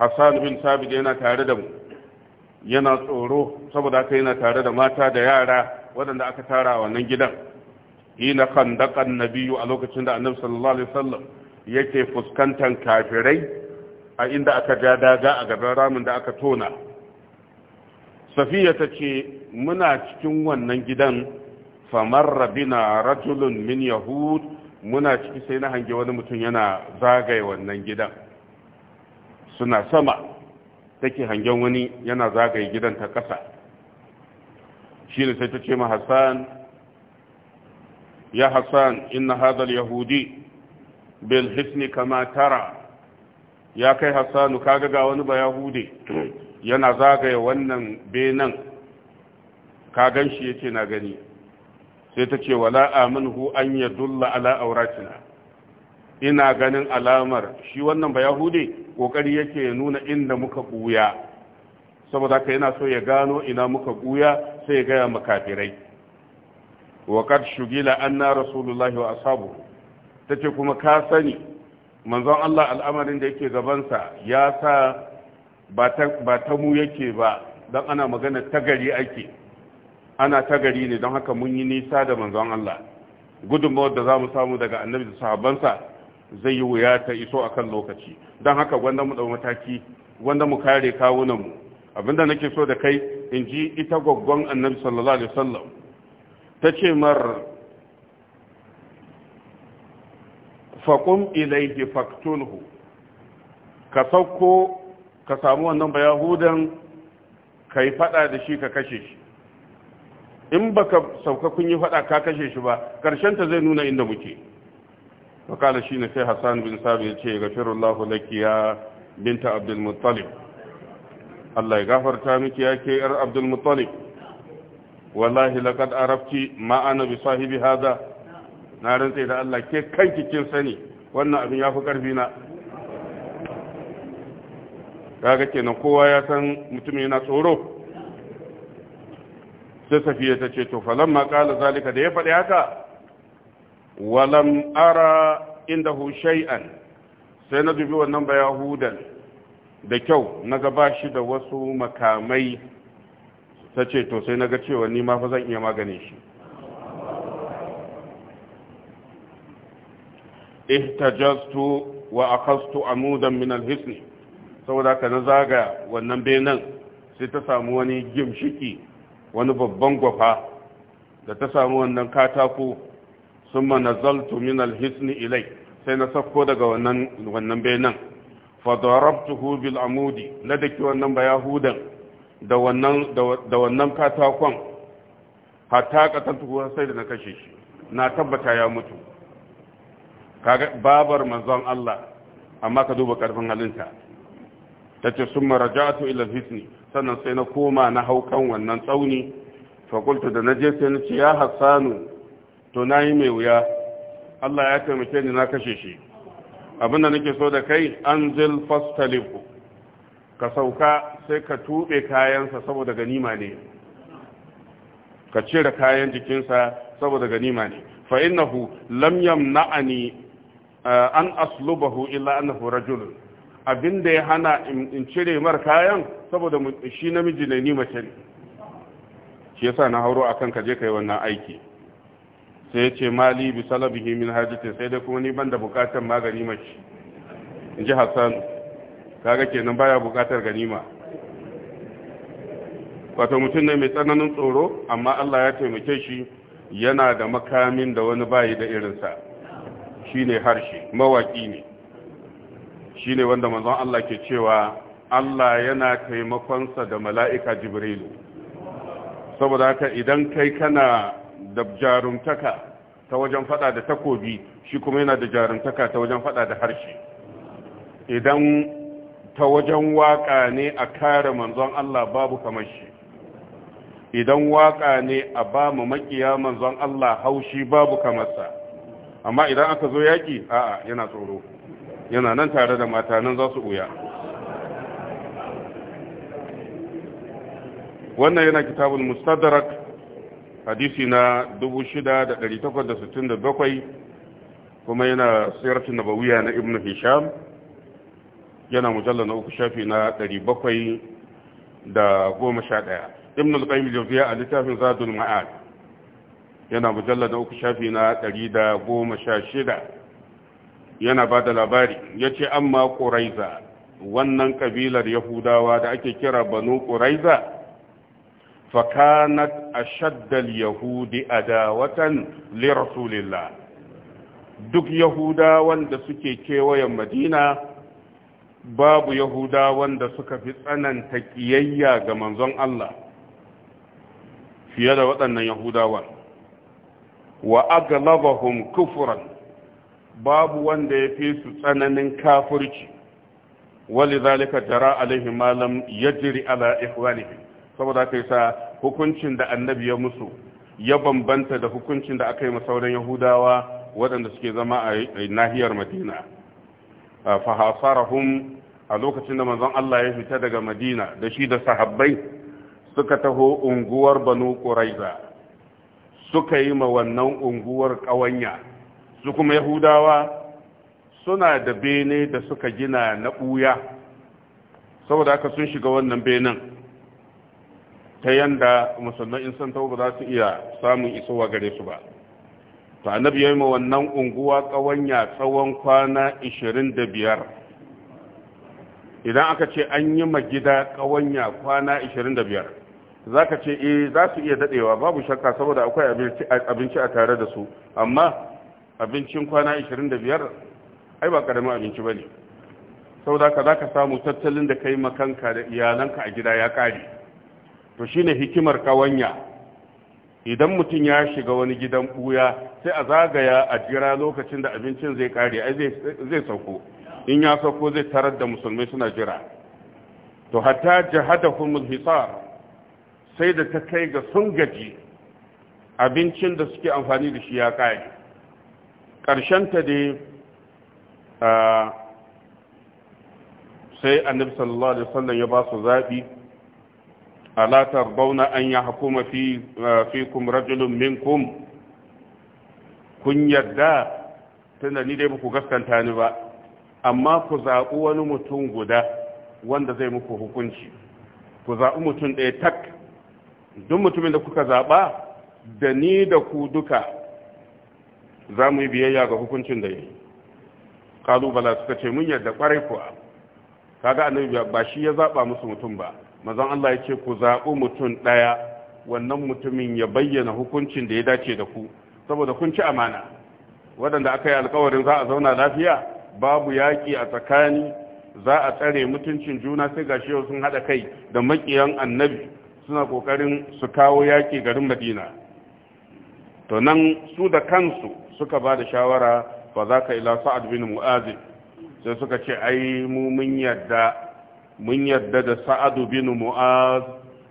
حسان بن ثابت yana tare da mu yana tsoro saboda haka yana tare da mata da yara waɗanda aka tara a wannan gidan hina khandaqan nabiyyu a lokacin da annabi sallallahu alaihi wasallam yake fuskantar kafirai a inda aka ja daga a gaban ramin da aka tona safiya ta ce muna cikin wannan gidan famar rabina rajulun min yahud muna ciki sai na hange wani mutum yana zagaye wannan gidan suna sama take hangen wani yana zagaye gidan ta ƙasa shi ne sai ta ce ma hassan ya hassan inna hadar yahudi bil hisni kama tara ya kai hassanu kaga ga wani ba yahudi yana zagaye wannan benan ka gan shi ce na gani sai ta ce wala aminhu an dulla ala auratina ina ganin alamar shi wannan ba yahude kokari yake nuna inda muka buya saboda haka yana so ya gano ina muka buya sai ya gaya makafirai wa kad shugila anna rasulullahi wa ashabu tace kuma ka sani manzon Allah al'amarin da yake gabansa ya sa ba ta mu yake ba dan ana magana ta gari ake ana ta gari ne don haka mun yi nisa da manzon Allah gudunmawar da za mu samu daga annabi da sahabansa zai yi wuya ta iso akan lokaci don haka gwanda mu ɗau mataki gwanda mu kare kawunanmu abinda nake so da kai in ji ita gwaggon annabi sallallahu alaihi wasallam ta ce mar faƙum ilaihi faktulhu ka sauko ka samu wannan bayahudan ka yi faɗa da shi ka kashe shi in ba ka sauka kun yi faɗa ka kashe shi ba karshen ta zai nuna inda muke wakala shi ne sai hassan bin sabi ya ce gafirullahu laki ya binta abdulmuttalib Allah ya gafarta miki ya ke yar abdulmuttalib wallahi laqad arabci ma ana bi sahibi hada na rantsa da Allah ke kanki kin sani wannan abin yafi karfi na kaga kenan kowa ya san mutum yana tsoro sai safiya ta ce to falon makala zalika da ya faɗi haka walam ara indahu shay'an sai na dubi wannan bayahudan da kyau na gaba shi da wasu makamai ta ce to sai na ga cewa ni ma fa zan iya magane shi ihtajastu wa akastu amudan min alhisni saboda ka na zaga wannan benan sai ta samu wani gimshiki wani babban gwafa da ta samu wannan katako sun manazaltu min alhisni ilai sai na sauko daga wannan benen, benin fadarabtuhu bil amudi na daki wannan bayahudan da wannan da wannan katakon hatta qatantuhu sai da na kashe shi na tabbata ya mutu babar manzon Allah amma ka duba karfin halinta tace summa raja'tu ila alhisni sannan sai na koma na haukan wannan tsauni fakultu da na je sai na ce ya hassanu to na yi mai wuya Allah ya taimake ni na kashe shi abin da nake so da kai an zil fastalifu ka sauka sai ka tuɓe kayansa saboda ganima ne ka cire kayan jikinsa saboda ganima ne fa innahu lam yamna'ani eh, an aslubahu illa annahu rajulun abin da ya hana in cire mar kayan saboda shi namiji ne ni mace ne shi yasa na hauro akan ka je kai wannan aiki sai ya ce mali bi salabihi min hajjatin sai dai kuma ni ban da bukatar magani mace in ji hassan kaga kenan baya bukatar ganima wato mutum ne mai tsananin tsoro amma Allah ya taimake shi yana da makamin da wani bayi da irinsa Shi ne harshe mawaki ne Shi ne wanda manzon Allah ke cewa Allah yana taimakonsa da mala'ika Jibrilu saboda haka idan kai kana da jarumtaka ta wajen fada da takobi shi kuma yana da jarumtaka ta wajen fada da harshe idan ta wajen waka ne a kare manzon Allah babu kamar shi idan waka ne a ba mu makiya manzon Allah haushi babu kamarsa amma idan aka zo yaki a'a yana tsoro yana nan tare da mata nan za su ɓuya wannan yana kitabul mustadarak hadisi na 6867 kuma yana siyarci na nabawiya na ibn hisham yana mujalla na uku shafi na 700 da goma sha ɗaya ibn al-qayyim jawziya a littafin zadul ma'ad yana mujalla na uku shafi na 116 yana ba da labari ya ce amma ƙuraiza wannan ƙabilar yahudawa da ake kira banu ƙuraiza fakanat a shaddal yahudi a dawatan lirasulillah duk yahudawan da suke kewayen madina babu yahudawan da suka fi tsananta ƙiyayya ga manzon Allah fiye da waɗannan yahudawan wa aglabahum kufuran babu wanda ya fi su tsananin kafirci wali zalika jara alaihi malam yajri ala ihwanihim saboda kai sa hukuncin da annabi ya musu ya bambanta da hukuncin da aka yi sauran yahudawa waɗanda suke zama a nahiyar madina fa hasarahum a lokacin da manzon Allah ya fita daga madina da shi da sahabbai suka taho unguwar banu quraiza suka yi ma wannan unguwar ƙawanya su kuma yahudawa suna da bene da suka gina na ɓuya saboda aka sun shiga wannan benen ta yanda musulman in san ba za su iya samun isowa gare su ba to na biyar ma wannan unguwa ƙawanya tsawon kwana 25 idan aka ce an yi ma gida kawanya kwana 25 za ka ce eh, za su iya dadewa babu shakka saboda akwai abinci a tare da su amma abincin kwana 25 ai ba karamin abinci bane saboda ka zaka samu tattalin da kai makanka da iyalanka a gida ya kare to shine hikimar kawanya idan mutum ya shiga wani gidan buya sai a zagaya a jira lokacin da abincin zai kare ai zai sauko in ya sauko zai tarar da musulmai suna jira to hatta jahadahumul hisar sai da ta kai ga sun gaji abincin da suke amfani da shi ya kare ƙarshenta dai sai annabi sallallahu alaihi wasallam ya ba su zaɓi alatar bauna an ya hukuma fi fikum rajulun minkum kun yarda tunda ni dai muku gaskanta ni ba amma ku zaɓi wani mutum guda wanda zai muku hukunci ku zaɓi mutum ɗaya tak duk mutumin da kuka zaɓa da ni da ku duka za mu yi biyayya ga hukuncin da ya yi kalubala suka ce mun yadda kwarai kuwa kaga annabi ba shi ya zaɓa musu mutum ba mazan Allah ya ce ku zaɓi mutum ɗaya wannan mutumin ya bayyana hukuncin da ya dace da ku saboda kun ci amana waɗanda aka yi alkawarin za a zauna lafiya babu yaƙi a tsakani za a tsare mutuncin juna sai ga shi sun haɗa kai da maƙiyan annabi suna ƙoƙarin su kawo yaƙi garin madina to nan su da kansu suka ba da shawara fa za ka ila sa'ad bin mu'azi sai suka ce ai mu mun yadda da sa'ad bin mu'az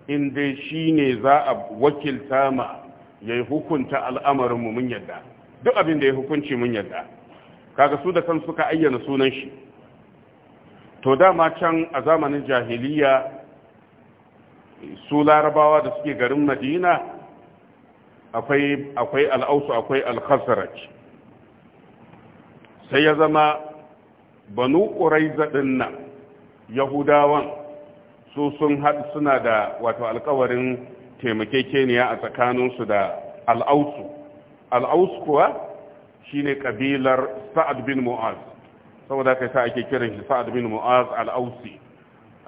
in dai shi ne za a wakilta ma ya hukunta al'amarin mun yadda duk abin da ya hukunci mun yadda kaga su da kan suka ayyana sunan shi to dama can a zamanin jahiliya su larabawa da suke garin madina akwai akwai al'ausu akwai al sai ya zama banu quraiza din nan yahudawan su sun haɗu suna da wato alƙawarin taimakekeniya a tsakaninsu da al'ausu al'ausu kuwa shine ƙabilar sa'ad bin mu'az saboda kai sa ake kiran shi sa'ad bin mu'az al'ausi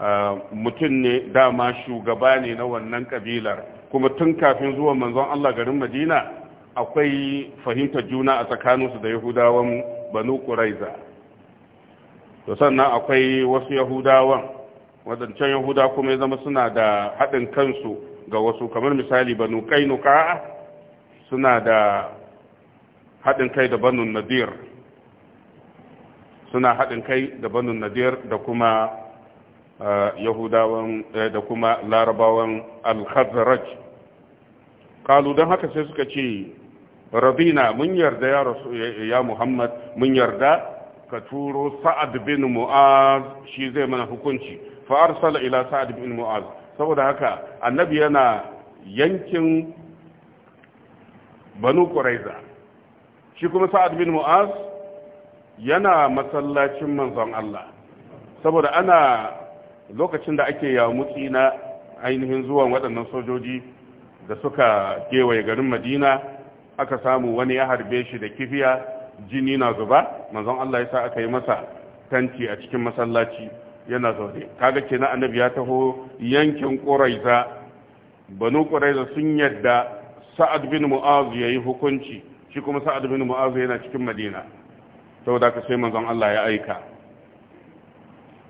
eh, mutum ne dama shugaba ne na wannan ƙabilar. kuma tun kafin zuwan manzon Allah garin Madina akwai fahimtar juna a tsakaninsu da Yahudawan Banu Quraiza to sannan akwai wasu Yahudawan wadancan Yahuda kuma ya zama suna da haɗin kansu ga wasu kamar misali Banu Qainuqa suna da haɗin kai da Banu Nadir suna haɗin kai da Banu Nadir da kuma yahudawan eh, da kuma larabawan al-khazraj kalu don haka sai suka ce rabina mun yarda ya rasu ya muhammad mun yarda ka turo sa'ad bin mu'az shi zai mana hukunci fa arsala ila sa'ad bin mu'az saboda haka annabi yana yankin banu quraiza shi kuma sa'ad bin mu'az yana masallacin manzon Allah saboda ana lokacin da ake yamutsi na ainihin zuwan waɗannan sojoji da suka kewaye garin madina aka samu wani ya harbe shi da kifiya jini na zuba manzon Allah ya sa aka yi masa tanti a cikin masallaci yana zaune kaga ke na annabi ya taho yankin ƙuraiza banu ƙuraiza sun yadda sa'ad bin mu'az yi hukunci shi kuma sa'ad bin mu'az yana cikin madina saboda ka sai manzon Allah ya aika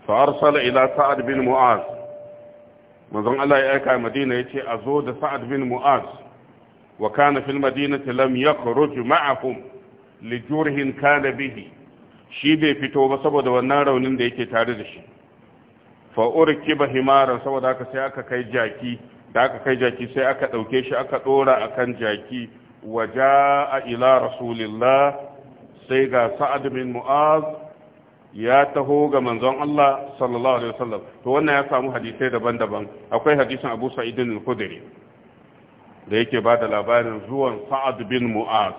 fa arsala ila sa'ad bin mu'az manzon Allah ya aika madina yace a zo da sa'ad bin mu'az wa kana fil madinati lam yakhruj ma'ahum li jurhin kana shi bai fito ba saboda wannan raunin da yake tare da shi fa urkiba himaran saboda haka sai aka kai jaki da aka kai jaki sai aka ɗauke shi aka ɗora akan jaki waje a ila rasulillah sai ga sa'ad bin mu'az ya taho ga manzon Allah sallallahu alaihi wasallam to wannan ya samu hadisai daban-daban akwai hadisin Abu Sa'id al-Khudri da yake da labarin zuwan Sa'ad bin Mu'az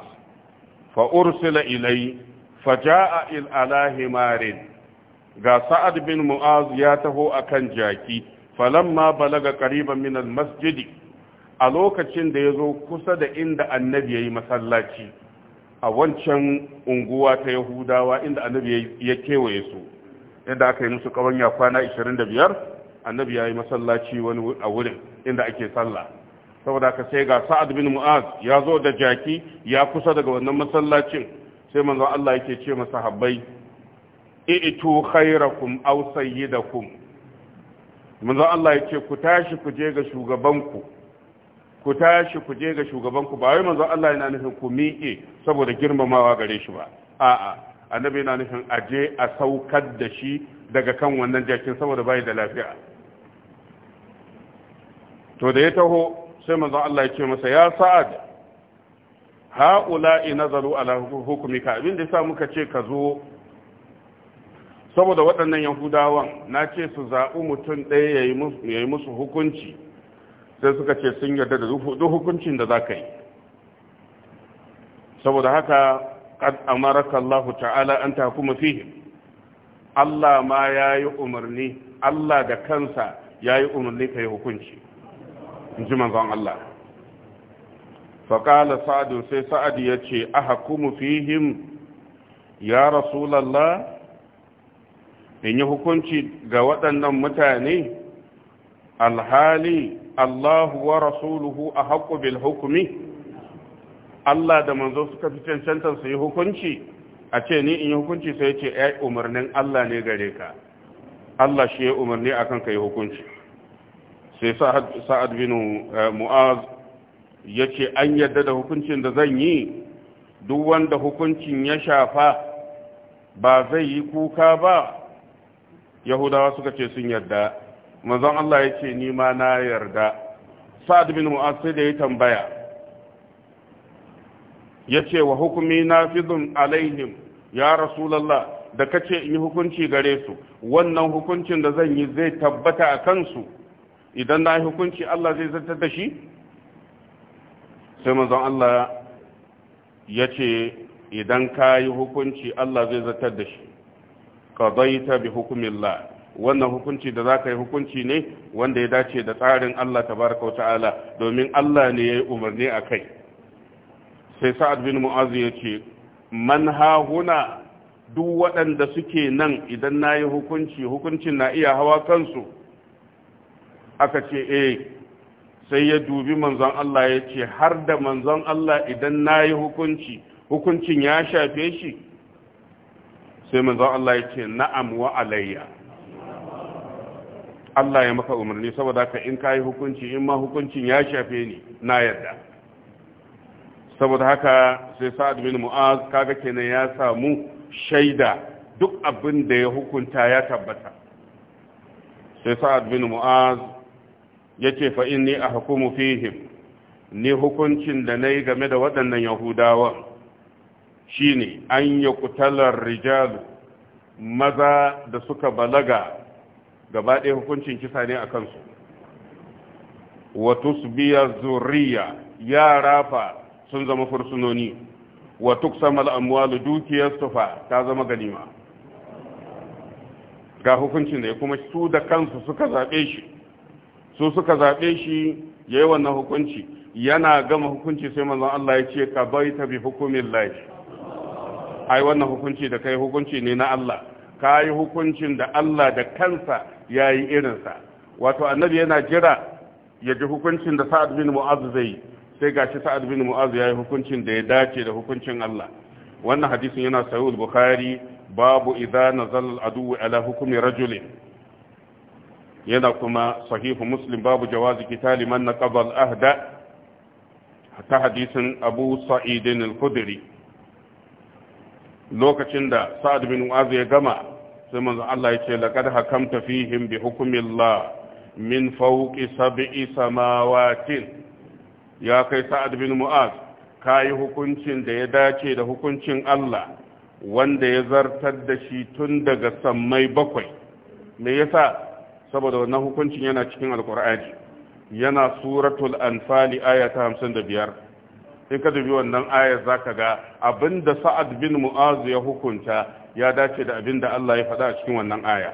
fa ursila ilai fa jaa il alahi marid ga Sa'ad bin Mu'az ya taho akan jaki falamma balaga qariban min al-masjid a lokacin da ya zo kusa da inda annabi yayi masallaci a wancan unguwa ta yahudawa inda annabi ya kewaye su inda aka yi musu kawanya kwana 25 annabi ya yi masallaci wani a wurin inda ake sallah saboda ka sai ga sa'ad bin mu'az ya zo da jaki ya kusa daga wannan masallacin sai manzo Allah yake ce masa habbai i'tu khairakum aw sayyidakum manzo Allah yake ku tashi ku je ga shugabanku ku tashi ku je ga shugaban ku ba wai manzo Allah yana nufin ku miƙe saboda girmamawa gare shi ba a'a annabi yana nufin a je a saukar da shi daga kan wannan jakin saboda bai da lafiya to da ya taho sai manzo Allah ya ce masa ya sa'ad ha'ula'i nazaru ala hukumika abin da yasa muka ce ka zo saboda waɗannan yahudawan na ce su zaɓi mutum ɗaya yayi musu hukunci sai suka ce sun yarda da duk hukuncin da za ka yi saboda haka kad amaraka Allah ta'ala an kuma fihim Allah ma yayi umarni Allah da kansa yayi umarni kai hukunci ji manzon Allah fa qala sa'd sai sa'd yace ahkumu fihim ya rasulullah in yi hukunci ga waɗannan mutane alhali Allahu wa rasuluhu a haƙƙo bil hukumi Allah da manzo suka fi cancantar su yi hukunci a ce ni in yi hukunci sai ce ya umarnin Allah ne gare ka Allah shi ya umarni a ka yi hukunci sai sa'ad bin eh, mu'az ya ce an yadda da hukuncin da zan yi duk wanda hukuncin ya shafa ba zai yi kuka ba yahudawa suka ce sun yadda manzon Allah ya ce ni ma na yarda sa'ad bin mu'az sai da ya tambaya ya ce wa hukumi nafizun alaihim ya rasulullah da kace in yi hukunci gare su wannan hukuncin da zan yi zai tabbata a kansu idan na yi hukunci Allah zai zartar da shi sai manzon Allah ya ce idan ka yi hukunci Allah zai zartar da shi qadaita bi hukumillah wannan hukunci da za ka yi hukunci ne wanda ya dace da tsarin Allah tabaraka wa ta'ala domin Allah ne ya yi umarni a kai sai sa'ad bin mu'azu ya ce man hahuna duk waɗanda suke nan idan na yi hukunci hukuncin na iya hawa kansu aka ce eh sai ya dubi manzon Allah ya ce har da manzon Allah idan na yi hukunci hukuncin ya shafe shi sai manzon Allah ya ce na'am wa alayya Allah ya maka umarni saboda ka in kayi hukunci in ma hukuncin ya shafe ni na yadda saboda haka sai sa'ad bin mu'az kaga kenan ya samu shaida duk abin da ya hukunta ya tabbata sai sa'ad bin mu'az yace fa inni ahkumu fihim ni hukuncin da nayi game da waɗannan yahudawa shine an yaqtalar rijalu maza da suka balaga gaba ɗaya hukuncin kisa ne a kansu wato su biya zuriya yara fa sun zama fursunoni wato samal amwalu dukiyar fa ta zama ganima ga hukuncin da ya kuma su da kansu suka zaɓe shi su suka zaɓe shi ya yi wannan hukunci yana gama hukunci sai manzon Allah ya ce ka bai ta bi hukumin lafi ai wannan hukunci da kai hukunci ne na Allah ka yi hukuncin da Allah da kansa ya yi irinsa wato annabi yana jira ya ji hukuncin da sa'ad bin mu'az zai yi sai gashi sa'ad bin mu'az ya yi hukuncin da ya dace da hukuncin Allah wannan hadisin yana sahih bukhari babu idza nazal adu ala hukmi rajulin yana kuma sahihu muslim babu jawazi kitali man naqaba al-ahda ta hadisin abu sa'idin al-khudri lokacin da sa'ad bin mu'az ya gama sai manzo Allah ya ce laqad hakamta fihim bi hukmillah min fawqi sab'i samawatin ya kai sa'ad bin mu'az kai hukuncin da ya dace da hukuncin Allah wanda ya zartar da shi tun daga sammai bakwai me yasa saboda wannan hukuncin yana cikin alkur'ani yana suratul anfali aya ta 55 in ka dubi wannan ayar zaka ga abinda sa'ad bin mu'az ya hukunta ya dace da abinda Allah ya faɗa a cikin wannan aya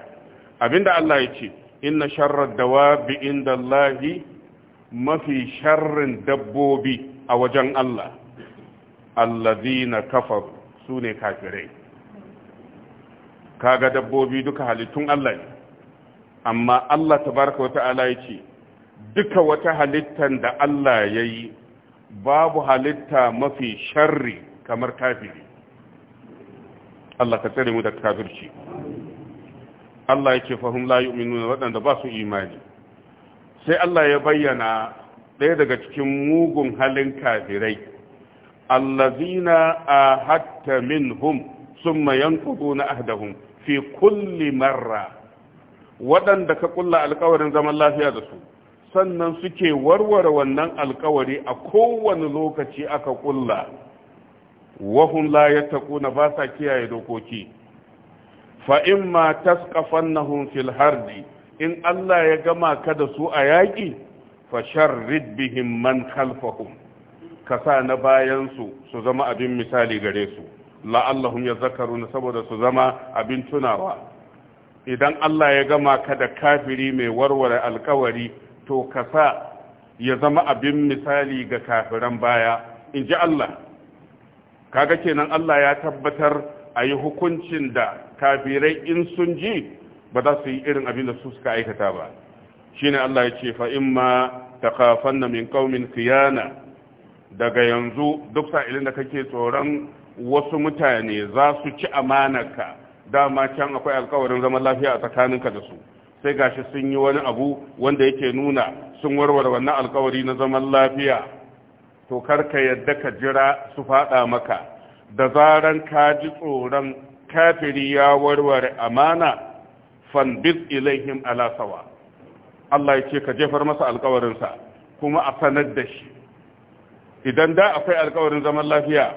abinda Allah ya ce inna sharrad dawabi indallahi mafi sharrin dabbobi a wajen Allah allazina kafar sune kafirai kaga dabbobi duka halittun Allah ne amma Allah tabaraka wa ta'ala ya ce duka wata halittan da Allah ya yi babu halitta mafi sharri kamar kafiri Allah ka tsare mu da kafirci Allah yake fahim la yu'minuna waɗanda ba su imani sai Allah ya bayyana ɗaya daga cikin mugun halin kafirai allazina ahatta minhum kudu na ahdahum fi kulli marra waɗanda ka kulla alkawarin zaman lafiya da su sannan suke warware wannan alkawari a kowane lokaci aka kulla wahun la yattaquna ba sa kiyaye dokoki fain ma tasqafannahum fil hardi in Allah ya gama ka da su a yaƙi fashar sharrid bihim man khalfahum kasa na bayan su su zama abin misali gare su zakaru na saboda su zama abin tunawa idan Allah ya gama ka da kafiri mai warware alkawari to kasa ya zama abin misali ga kafiran baya in ji Allah kaga kenan Allah ya tabbatar a yi hukuncin da kafirai in sun ji ba za su yi irin abin da su suka aikata ba shine Allah ya ce ta kafan na min qaumin siyana daga yanzu duk sa'ilin da kake tsoron wasu mutane za su ci ka dama can akwai alkawarin zaman lafiya a tsakaninka da su sai gashi sun yi wani abu wanda yake nuna sun warware wannan alkawari na zaman lafiya to karka yadda ka jira su faɗa maka da zaran ka ji tsoron kafiri ya warware amana fanbiz ilaihim ala sawa Allah ya ce ka jefar masa alkawarinsa kuma a sanar da shi idan da akwai alkawarin zaman lafiya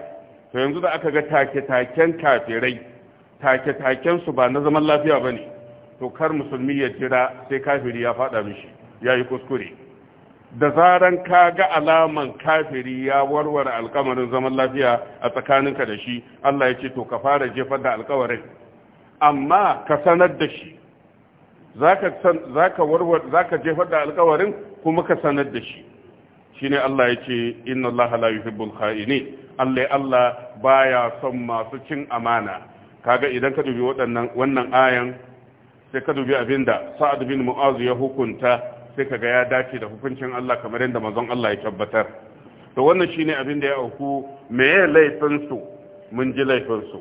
to yanzu da aka ga take-taken kafirai take-taken su ba na zaman lafiya ba ne to kar musulmi ya jira sai kafiri ya faɗa mishi ya yi kuskure da zaran ka ga alaman kafiri ya warware alkamarin zaman lafiya a tsakaninka da shi Allah ya ce to ka fara jefar da alkawarin amma ka sanar da shi za ka jefar da alkawarin kuma ka sanar da shi shi ne Allah ya ce inna Allah la yuhibbul kha'ini Allah Allah baya son masu cin amana kaga idan ka dubi wannan ayan sai ka dubi abinda Sa'ad bin Mu'az ya hukunta sai kaga ya dace da hukuncin Allah kamar yadda manzon Allah ya tabbatar to wannan shine abin da ya auku me ya laifin su mun ji laifin su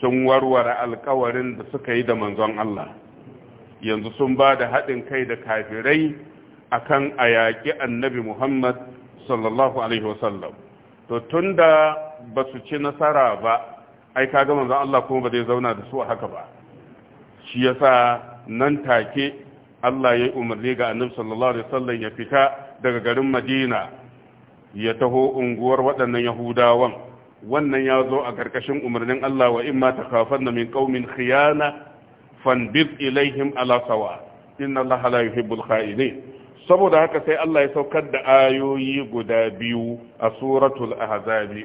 sun warware alkawarin da suka yi da manzon Allah yanzu sun ba da haɗin kai da kafirai akan ayaki annabi Muhammad sallallahu alaihi wasallam to tunda ba su ci nasara ba ai kaga manzon Allah kuma ba zai zauna da su haka ba shi yasa nan take Allah ya yi umarni ga annabi sallallahu alaihi wasallam ya fita daga garin Madina ya taho unguwar waɗannan Yahudawan wannan ya zo a ƙarƙashin umarnin Allah wa imma takafanna min qaumin khiyana fanbid ilaihim ala sawa inna Allah la yuhibbul kha'inin saboda haka sai Allah ya saukar da ayoyi guda biyu a suratul ahzabi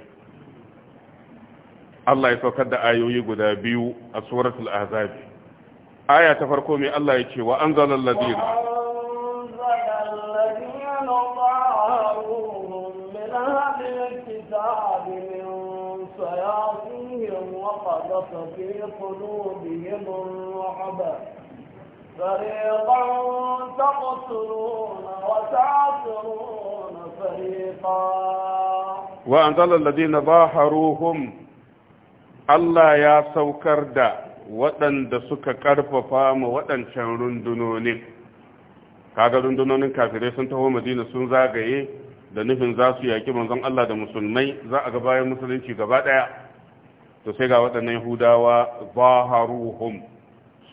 Allah ya saukar da ayoyi guda biyu a suratul ahzabi aya ta farko mai Allah ya ce wa an zalar ladina في قلوبهم فريقا تقتلون وتعثرون فريقا وأنزل الذين ظاهروهم الله يا سوكر waɗanda suka ƙarfafa ma waɗancan rundunonin kaga rundunonin kafirai sun taho madina sun zagaye da nufin za su yaƙi manzon Allah da musulmai za a ga bayan musulunci gaba ɗaya to sai ga waɗannan yahudawa zaharuhum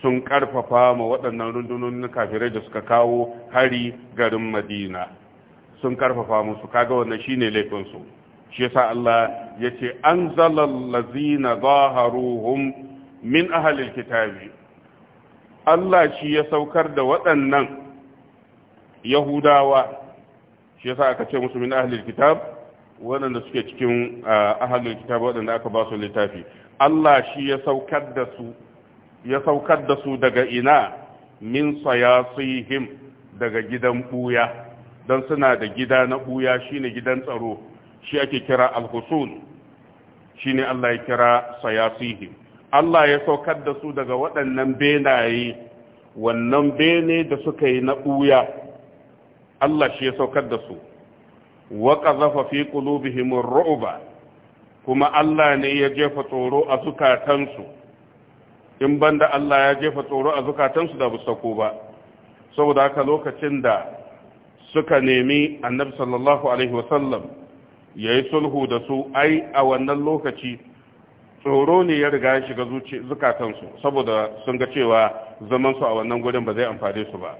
sun ƙarfafa ma waɗannan rundunonin kafirai da suka kawo hari garin madina sun ƙarfafa musu kaga wannan shine laifinsu shi yasa Allah ya an anzalal lazina zaharuhum min ahalil kitabi Allah shi ya saukar da waɗannan Yahudawa shi yasa aka ce musu min ahalil kitab waɗanda suke cikin ahalil kitab waɗanda aka ba su littafi Allah shi ya saukar da su ya saukar da su daga ina min sayasihim daga gidan buya don suna da gida na buya shine gidan tsaro shi ake kira Al-Husun, alhusun shine Allah ya kira sayasihim Allah ya saukar da su daga waɗannan benaye wannan bene da suka yi na ɓuya Allah shi ya saukar da su wa qazafa fi qulubihim ar kuma Allah ne ya jefa tsoro a zukatansu in banda Allah ya jefa tsoro a zukatansu da busako ba saboda haka lokacin da suka nemi annabi sallallahu alaihi wasallam yayi sulhu da su ai a wannan lokaci tsoro ne ya riga ya shiga zukatansu saboda sun ga cewa zamansu a wannan gurin ba zai amfane su ba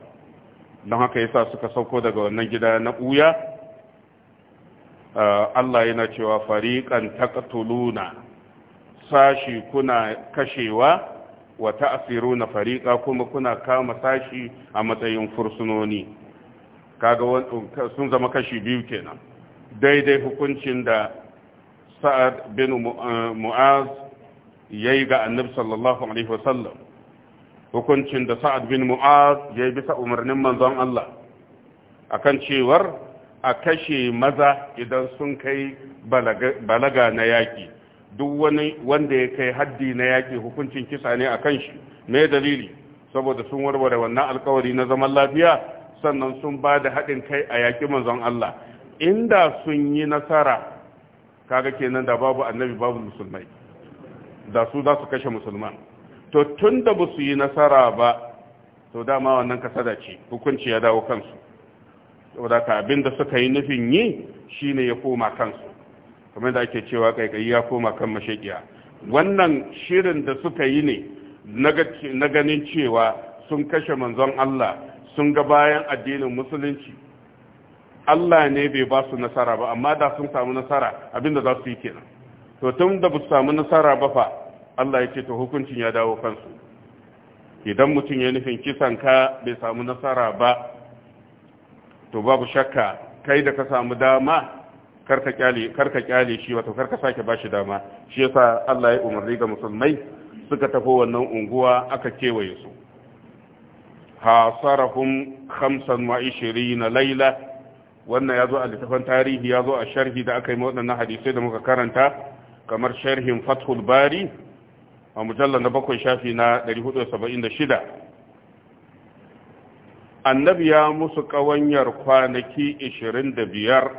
don haka yasa suka sauko daga wannan gida na ɓuya eh, Allah yana cewa fariƙan taqtuluna sashi kuna kashewa wa na fariƙa kuma kuna kama sashi a matsayin fursunoni kaga sun zama kashi biyu kenan daidai hukuncin da sa'ad bin eh, mu'az ya yi ga annabi sallallahu alaihi wasallam hukuncin da sa'ad bin mu'az ya yi bisa umarnin manzon Allah a kan cewar a kashe maza idan sun kai balaga na yaƙi duk wani wanda ya kai haddi na yaƙi hukuncin kisa ne a kan shi me dalili saboda sun warware wannan alkawari na zaman lafiya sannan sun ba da haɗin kai a yaƙi manzon Allah inda sun yi nasara kaga kenan da babu annabi babu musulmai da su za su kashe musulman to tun da ba su yi nasara ba to dama wannan kasada ce hukunci ya dawo kansu saboda ka abin da suka yi nufin yi shine ya koma kansu kamar da ake cewa kaikayi ya koma kan mashaƙiya wannan shirin da suka yi ne na ganin cewa sun kashe manzon Allah sun ga bayan addinin musulunci Allah ne bai ba su nasara ba amma da sun samu nasara abinda za su yi kenan to tun da ba su samu nasara ba fa Allah ya ce to hukuncin ya dawo kansu idan mutum ya nufin kisan ka bai samu nasara ba to babu shakka kai da ka samu dama karka kyale karka kyale shi wato karka sake bashi dama shi yasa Allah ya umarni ga musulmai suka tafi wannan unguwa aka kewaye su hasarahum 25 laila wannan ya zo a littafin tarihi ya zo a sharhi da aka yi waɗannan hadisai da muka karanta kamar sharhin fathul bari a mujallar na bakwai shafi na 476 annabi ya musu ƙawanyar kwanaki 25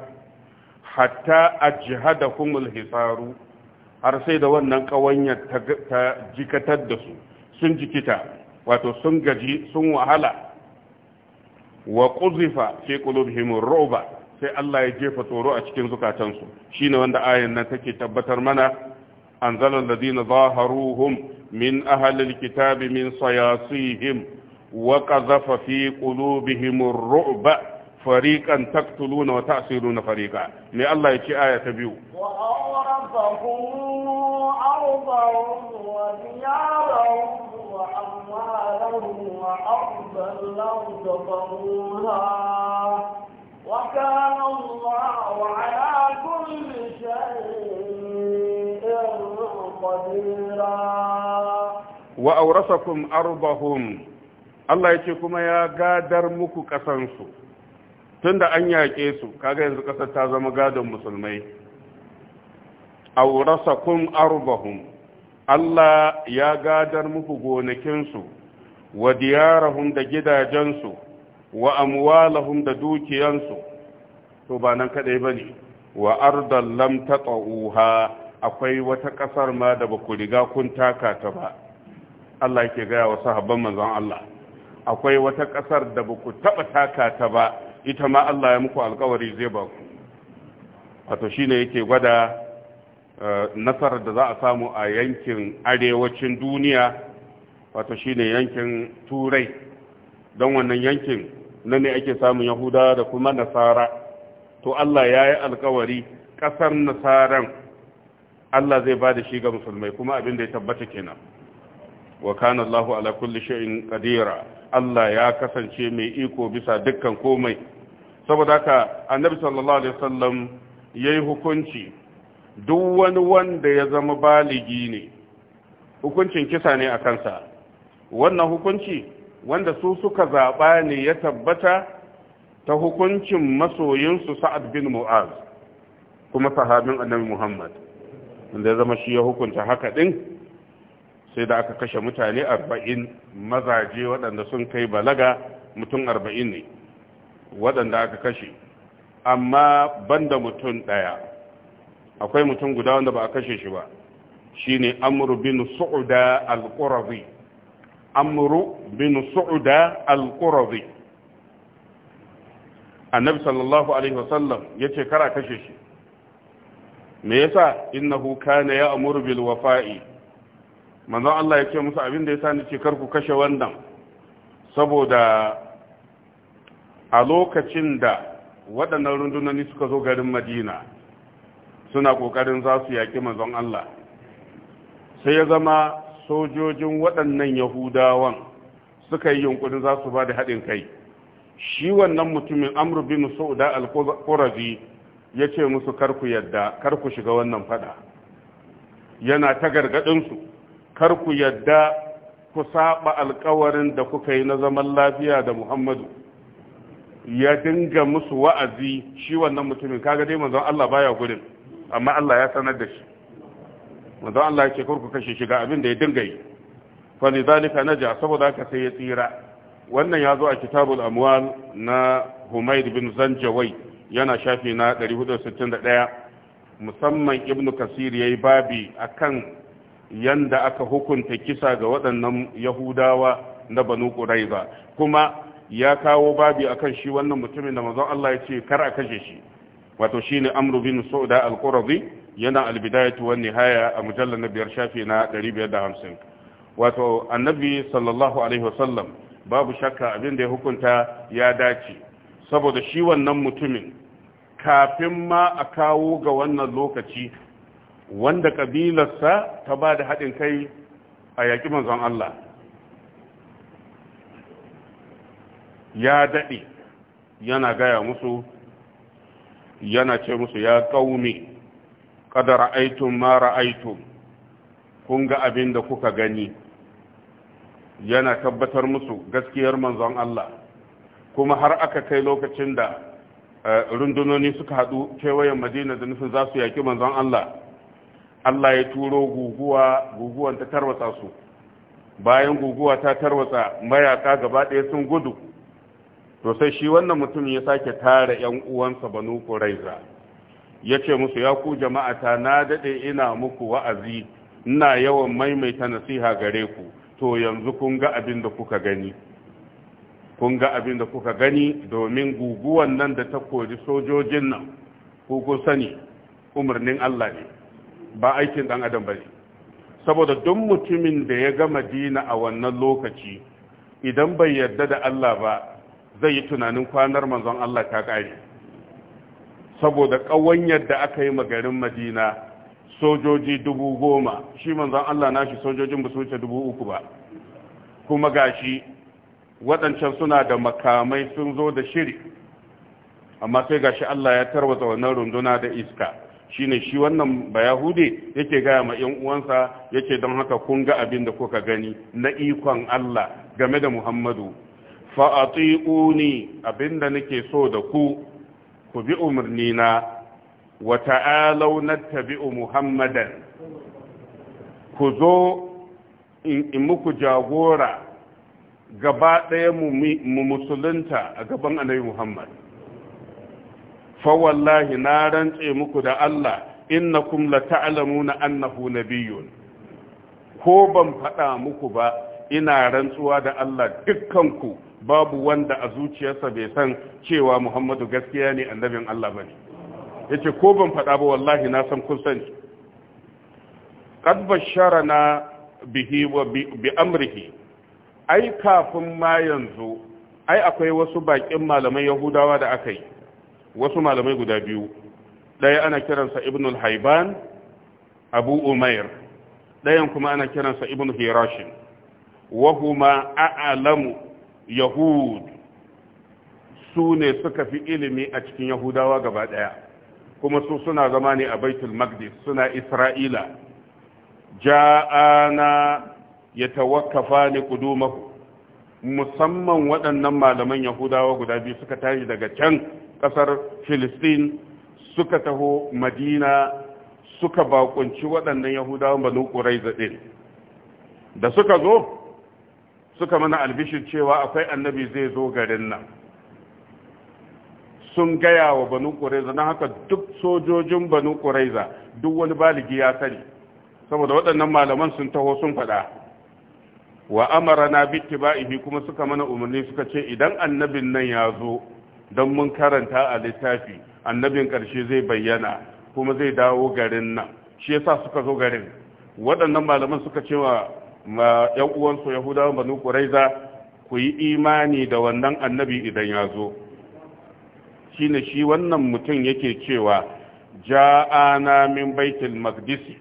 hatta a jihada kumul hisaru har sai da wannan ƙawanyar ta jikatar da su sun jikita wato sun gaji sun wahala wa quzifa fi qulubihim ruba sai Allah ya jefa tsoro a cikin zukatansu shine wanda ayan nan take tabbatar mana anzalal ladina zaharuhum min ahlil kitabi min sayasihim wa qadhafa fi qulubihim ruba فريقا تقتلون وتأسرون ta biyu. الله يكي آية تبيو وأورثهم أرضهم وديارهم وأموالهم وأرضا لم وكان الله على كل شيء قديرا وأورثكم أرضهم Allah ya ce kuma ya gadar muku ƙasansu tun da an yaƙe su kaga yanzu ƙasar ta zama gadon musulmai aurasa kun arbahum Allah ya gadar muku gonakinsu wa diyarahum da gidajensu wa amwalahum da dukiyansu to ba nan kadai bane wa ardal lam taqauha akwai wata kasar ma da ba ku riga kun taka ta ba Allah yake ga wa sahabban manzon Allah akwai wata kasar da ba ku taba taka ta ba ita ma Allah ya muku alƙawari zai ba ku wato shine yake gwada Eh, nasarar da za a samu a yankin arewacin duniya wato shine yankin turai don wannan yankin na ne ake samun yahuda da kuma nasara to allah ya yi alkawari ƙasar nasaran allah zai ba da shi ga musulmai kuma abin da ya tabbata kenan wa kana allahu ala kulli shay'in qadira allah ya kasance mai iko bisa dukkan komai saboda haka annabi sallallahu alaihi wasallam yayi hukunci duk wani wanda ya zama baligi ne hukuncin kisa ne a kansa wannan hukunci wanda su suka zaɓa ne ya tabbata ta hukuncin masoyinsu sa'ad bin mu'az kuma sahabin annabi muhammad wanda ya zama shi ya hukunta haka ɗin sai da aka kashe mutane arba'in mazaje waɗanda sun kai balaga mutum arba'in ne waɗanda aka kashe amma banda mutum ɗaya akwai mutum guda wanda ba a kashe shi ba shine amru bin su'da al-qurazi amru bin su'da al-qurazi annabi sallallahu alaihi wasallam yace kara kashe shi me yasa innahu kana ya'muru bil wafa'i manzo Allah yace musu abin da yasa ni ce kar ku kashe wannan saboda a lokacin da waɗannan rundunoni suka zo garin Madina suna ƙoƙarin za su yaki manzon Allah sai ya zama sojojin waɗannan yahudawan suka yi yunkurin za su ba da haɗin kai shi wannan mutumin amru bin sauda al-qurazi ya ce musu karku yadda karku shiga wannan fada yana ta gargaɗinsu karku yadda ku saba alkawarin da kuka yi na zaman lafiya da muhammadu ya dinga musu wa'azi shi wannan mutumin kaga dai manzon Allah baya gudun amma Allah ya sanar da shi manzo Allah yake kurku kashe shi ga abin da ya dinga yi fa na ja saboda haka sai ya tsira wannan ya zo a kitabul amwal na humaid bin Zanjawai yana shafi na 461 musamman Ibn Kasir yayi babi akan yanda aka hukunta kisa ga waɗannan Yahudawa na Banu Quraiza kuma ya kawo babi akan shi wannan mutumin da manzon Allah ya ce kar a kashe shi wato shine amru bin sauda al-qurazi yana al-bidayatu wan nihaya a mujallar na biyar shafi na 550 wato annabi sallallahu alaihi wasallam babu shakka abin da ya hukunta ya dace saboda shi wannan mutumin kafin ma a kawo ga wannan lokaci wanda kabilarsa ta ba da haɗin kai a yaƙi manzon Allah ya daɗe yana gaya musu yana ce musu ya kaumi kada ra'aitun ma ra'aitun kun ga abin da kuka gani yana tabbatar musu gaskiyar manzon Allah kuma har aka kai lokacin da eh, rundunoni suka haɗu kewayen madina da nufin za su yaƙi manzon Allah Allah ya turo guguwa guguwan ta tarwatsa su bayan guguwa ta tarwatsa mayaka gaba ɗaya sun gudu to sai shi wannan mutum ya sake tara yan uwansa banu quraiza yace musu ya ku jama'ata na dade ina muku wa'azi ina yawan maimaita nasiha gare ku to yanzu kun ga abin da kuka gani kun ga abin da kuka gani domin guguwan nan da ta kori sojojin nan ko sani umarnin Allah ne ba aikin dan adam bane saboda duk mutumin da ya ga Madina a wannan lokaci idan bai yarda da Allah ba zai yi tunanin kwanar manzon Allah ta ƙare saboda ƙawon yadda aka yi magarin madina sojoji dubu goma shi manzon Allah na shi sojojin ba su wuce dubu uku ba kuma gashi waɗancan suna da makamai sun zo da shiri amma sai gashi Allah ya tarwata wannan runduna da iska shine shi wannan ba bayahude yake gaya ma yan uwansa yake don haka kun ga abin da kuka gani na ikon Allah game da Muhammadu abin abinda nake so da ku ku bi umarnina wa ta'alau tabi'u muhammadan ku zo in muku jagora gaba ɗaya mu musulunta a gaban annabi muhammad fa wallahi na rantse muku da Allah innakum la ta'lamuna annahu nabiyyun ko ban faɗa muku ba ina rantsuwa da Allah dukkanku babu wanda a zuciyarsa bai san cewa muhammadu gaskiya ne annabin allah ba ne ya ce ko ban faɗa ba wallahi na san kun sani kad bashara na bihi wa bi amrihi ai kafin ma yanzu ai akwai wasu baƙin malamai yahudawa da aka yi wasu malamai guda biyu ɗaya ana kiransa ibn al-haiban abu umair ɗayan kuma ana kiransa ibn hirashin wahuma aalamu yahud su ne suka fi ilimi a cikin yahudawa gaba daya kuma su suna zama ne a baitul maqdis suna isra'ila ja'ana yatawakkafa ni qudumahu musamman waɗannan malaman yahudawa guda biyu suka tashi daga can ƙasar filistin suka taho madina suka bakunci waɗannan yahudawa banu ƙurai zaɗin da suka zo suka mana albishir cewa akwai annabi zai zo garin nan sun gaya wa banu ƙuraiza na haka duk sojojin banu ƙuraiza duk wani baligi ya sani saboda waɗannan malaman sun taho sun faɗa wa amara na bitti ba'ihi kuma suka mana umarni suka ce idan annabin nan ya zo don mun karanta a littafi annabin ƙarshe zai bayyana kuma zai dawo garin nan shi yasa suka zo garin waɗannan malaman suka ce wa ma ‘yan uwansu Yahudawa banu Quraiza ku yi imani da wannan annabi idan ya zo. Shi ne shi wannan mutum yake cewa, ja'ana min baitul maqdisi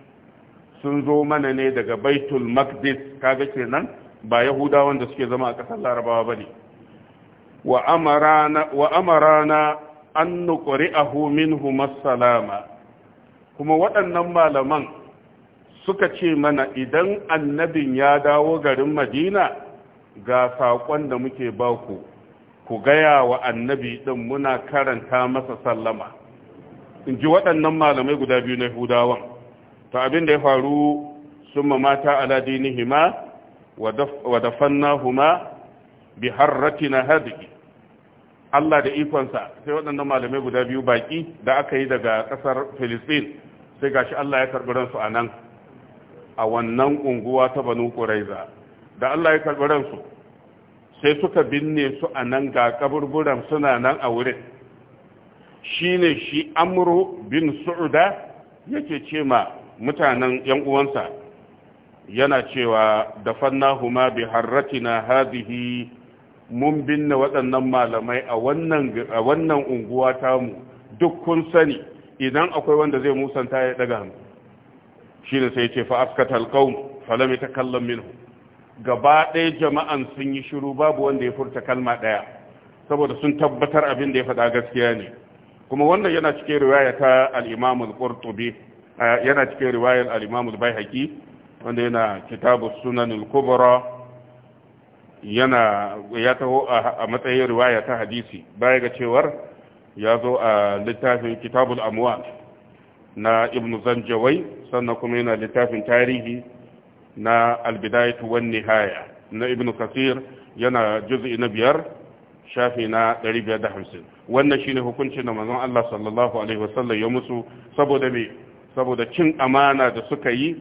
sun zo mana ne daga baitul maqdis kaga kenan ba Yahudawan da suke zama a ƙasar Larabawa ba ne. Wa amarana an nuƙuri'ahu minhu salama kuma waɗannan malaman suka ce mana idan annabin ya dawo garin madina ga saƙon da muke baku ku gaya wa annabi ɗin muna karanta masa sallama in ji waɗannan malamai guda biyu na hudawan ta abin da ya faru sun mamata aladinihima wa dafanna huma bi harrati na hadiki Allah da ikonsa sai waɗannan malamai guda biyu baƙi da aka yi daga ƙasar Filistin sai gashi Allah ya karɓi ransu a nan a wannan unguwa ta banu ƙuraiza da Allah ya karɓi ransu sai suka binne su a nan ga kaburburan suna nan a wurin shi ne shi amuru bin su'uda yake ce ma mutanen yan uwansa yana cewa da huma bi harratina hadihi mun binne waɗannan malamai a wannan unguwa mu duk kun sani idan akwai wanda zai musanta ya daga hannu shi ne sai ce fa askata falami ta kallon minhu gaba ɗaya jama'an sun yi shiru babu wanda ya furta kalma ɗaya saboda sun tabbatar abin da ya faɗa gaskiya ne kuma wannan yana cikin riwaya ta al-Imam yana cikin riwayar al-Imam al-Baihaqi wanda yana kitabu Sunan al-Kubra yana ya taho a matsayin riwaya ta hadisi baya ga cewar ya zo a littafin Kitabul Amwal na ibn zanjawai sannan kuma yana littafin tarihi na albidayatu wan nihaya na ibn kasir yana juz'i na biyar shafi na 550 wannan shine hukuncin da manzon Allah sallallahu alaihi wasallam ya musu saboda me saboda cin amana da suka yi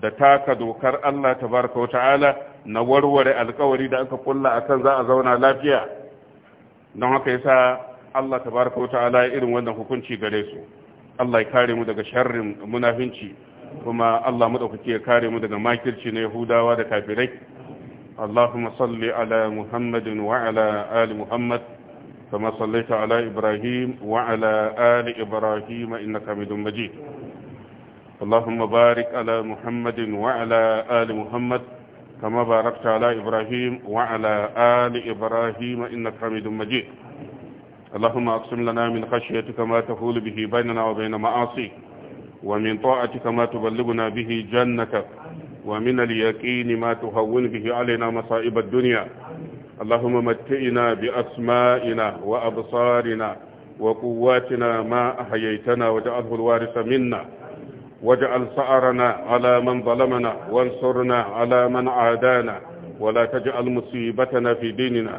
da taka dokar Allah tabaraka ta'ala na warware alkawari da aka kulla akan za a zauna lafiya don haka yasa Allah tabaraka ta'ala irin wannan hukunci gare su Allah ya kare mu daga sharrin munafinci kuma Allah madaukake ya kare mu daga makirci na Yahudawa da kafirai Allahumma salli ala Muhammadin wa ali Muhammad kama sallaita ala Ibrahim wa ali Ibrahim innaka hamidun majid Allahumma barik ala Muhammadin wa ali Muhammad kama barakta ala Ibrahim wa ali Ibrahim innaka hamidun majid اللهم أقسم لنا من خشيتك ما تفول به بيننا وبين معاصيك ومن طاعتك ما تبلغنا به جنتك ومن اليقين ما تهون به علينا مصائب الدنيا اللهم متئنا بأسمائنا وأبصارنا وقواتنا ما أحييتنا وجعله الوارث منا واجعل سعرنا على من ظلمنا وانصرنا على من عادانا ولا تجعل مصيبتنا في ديننا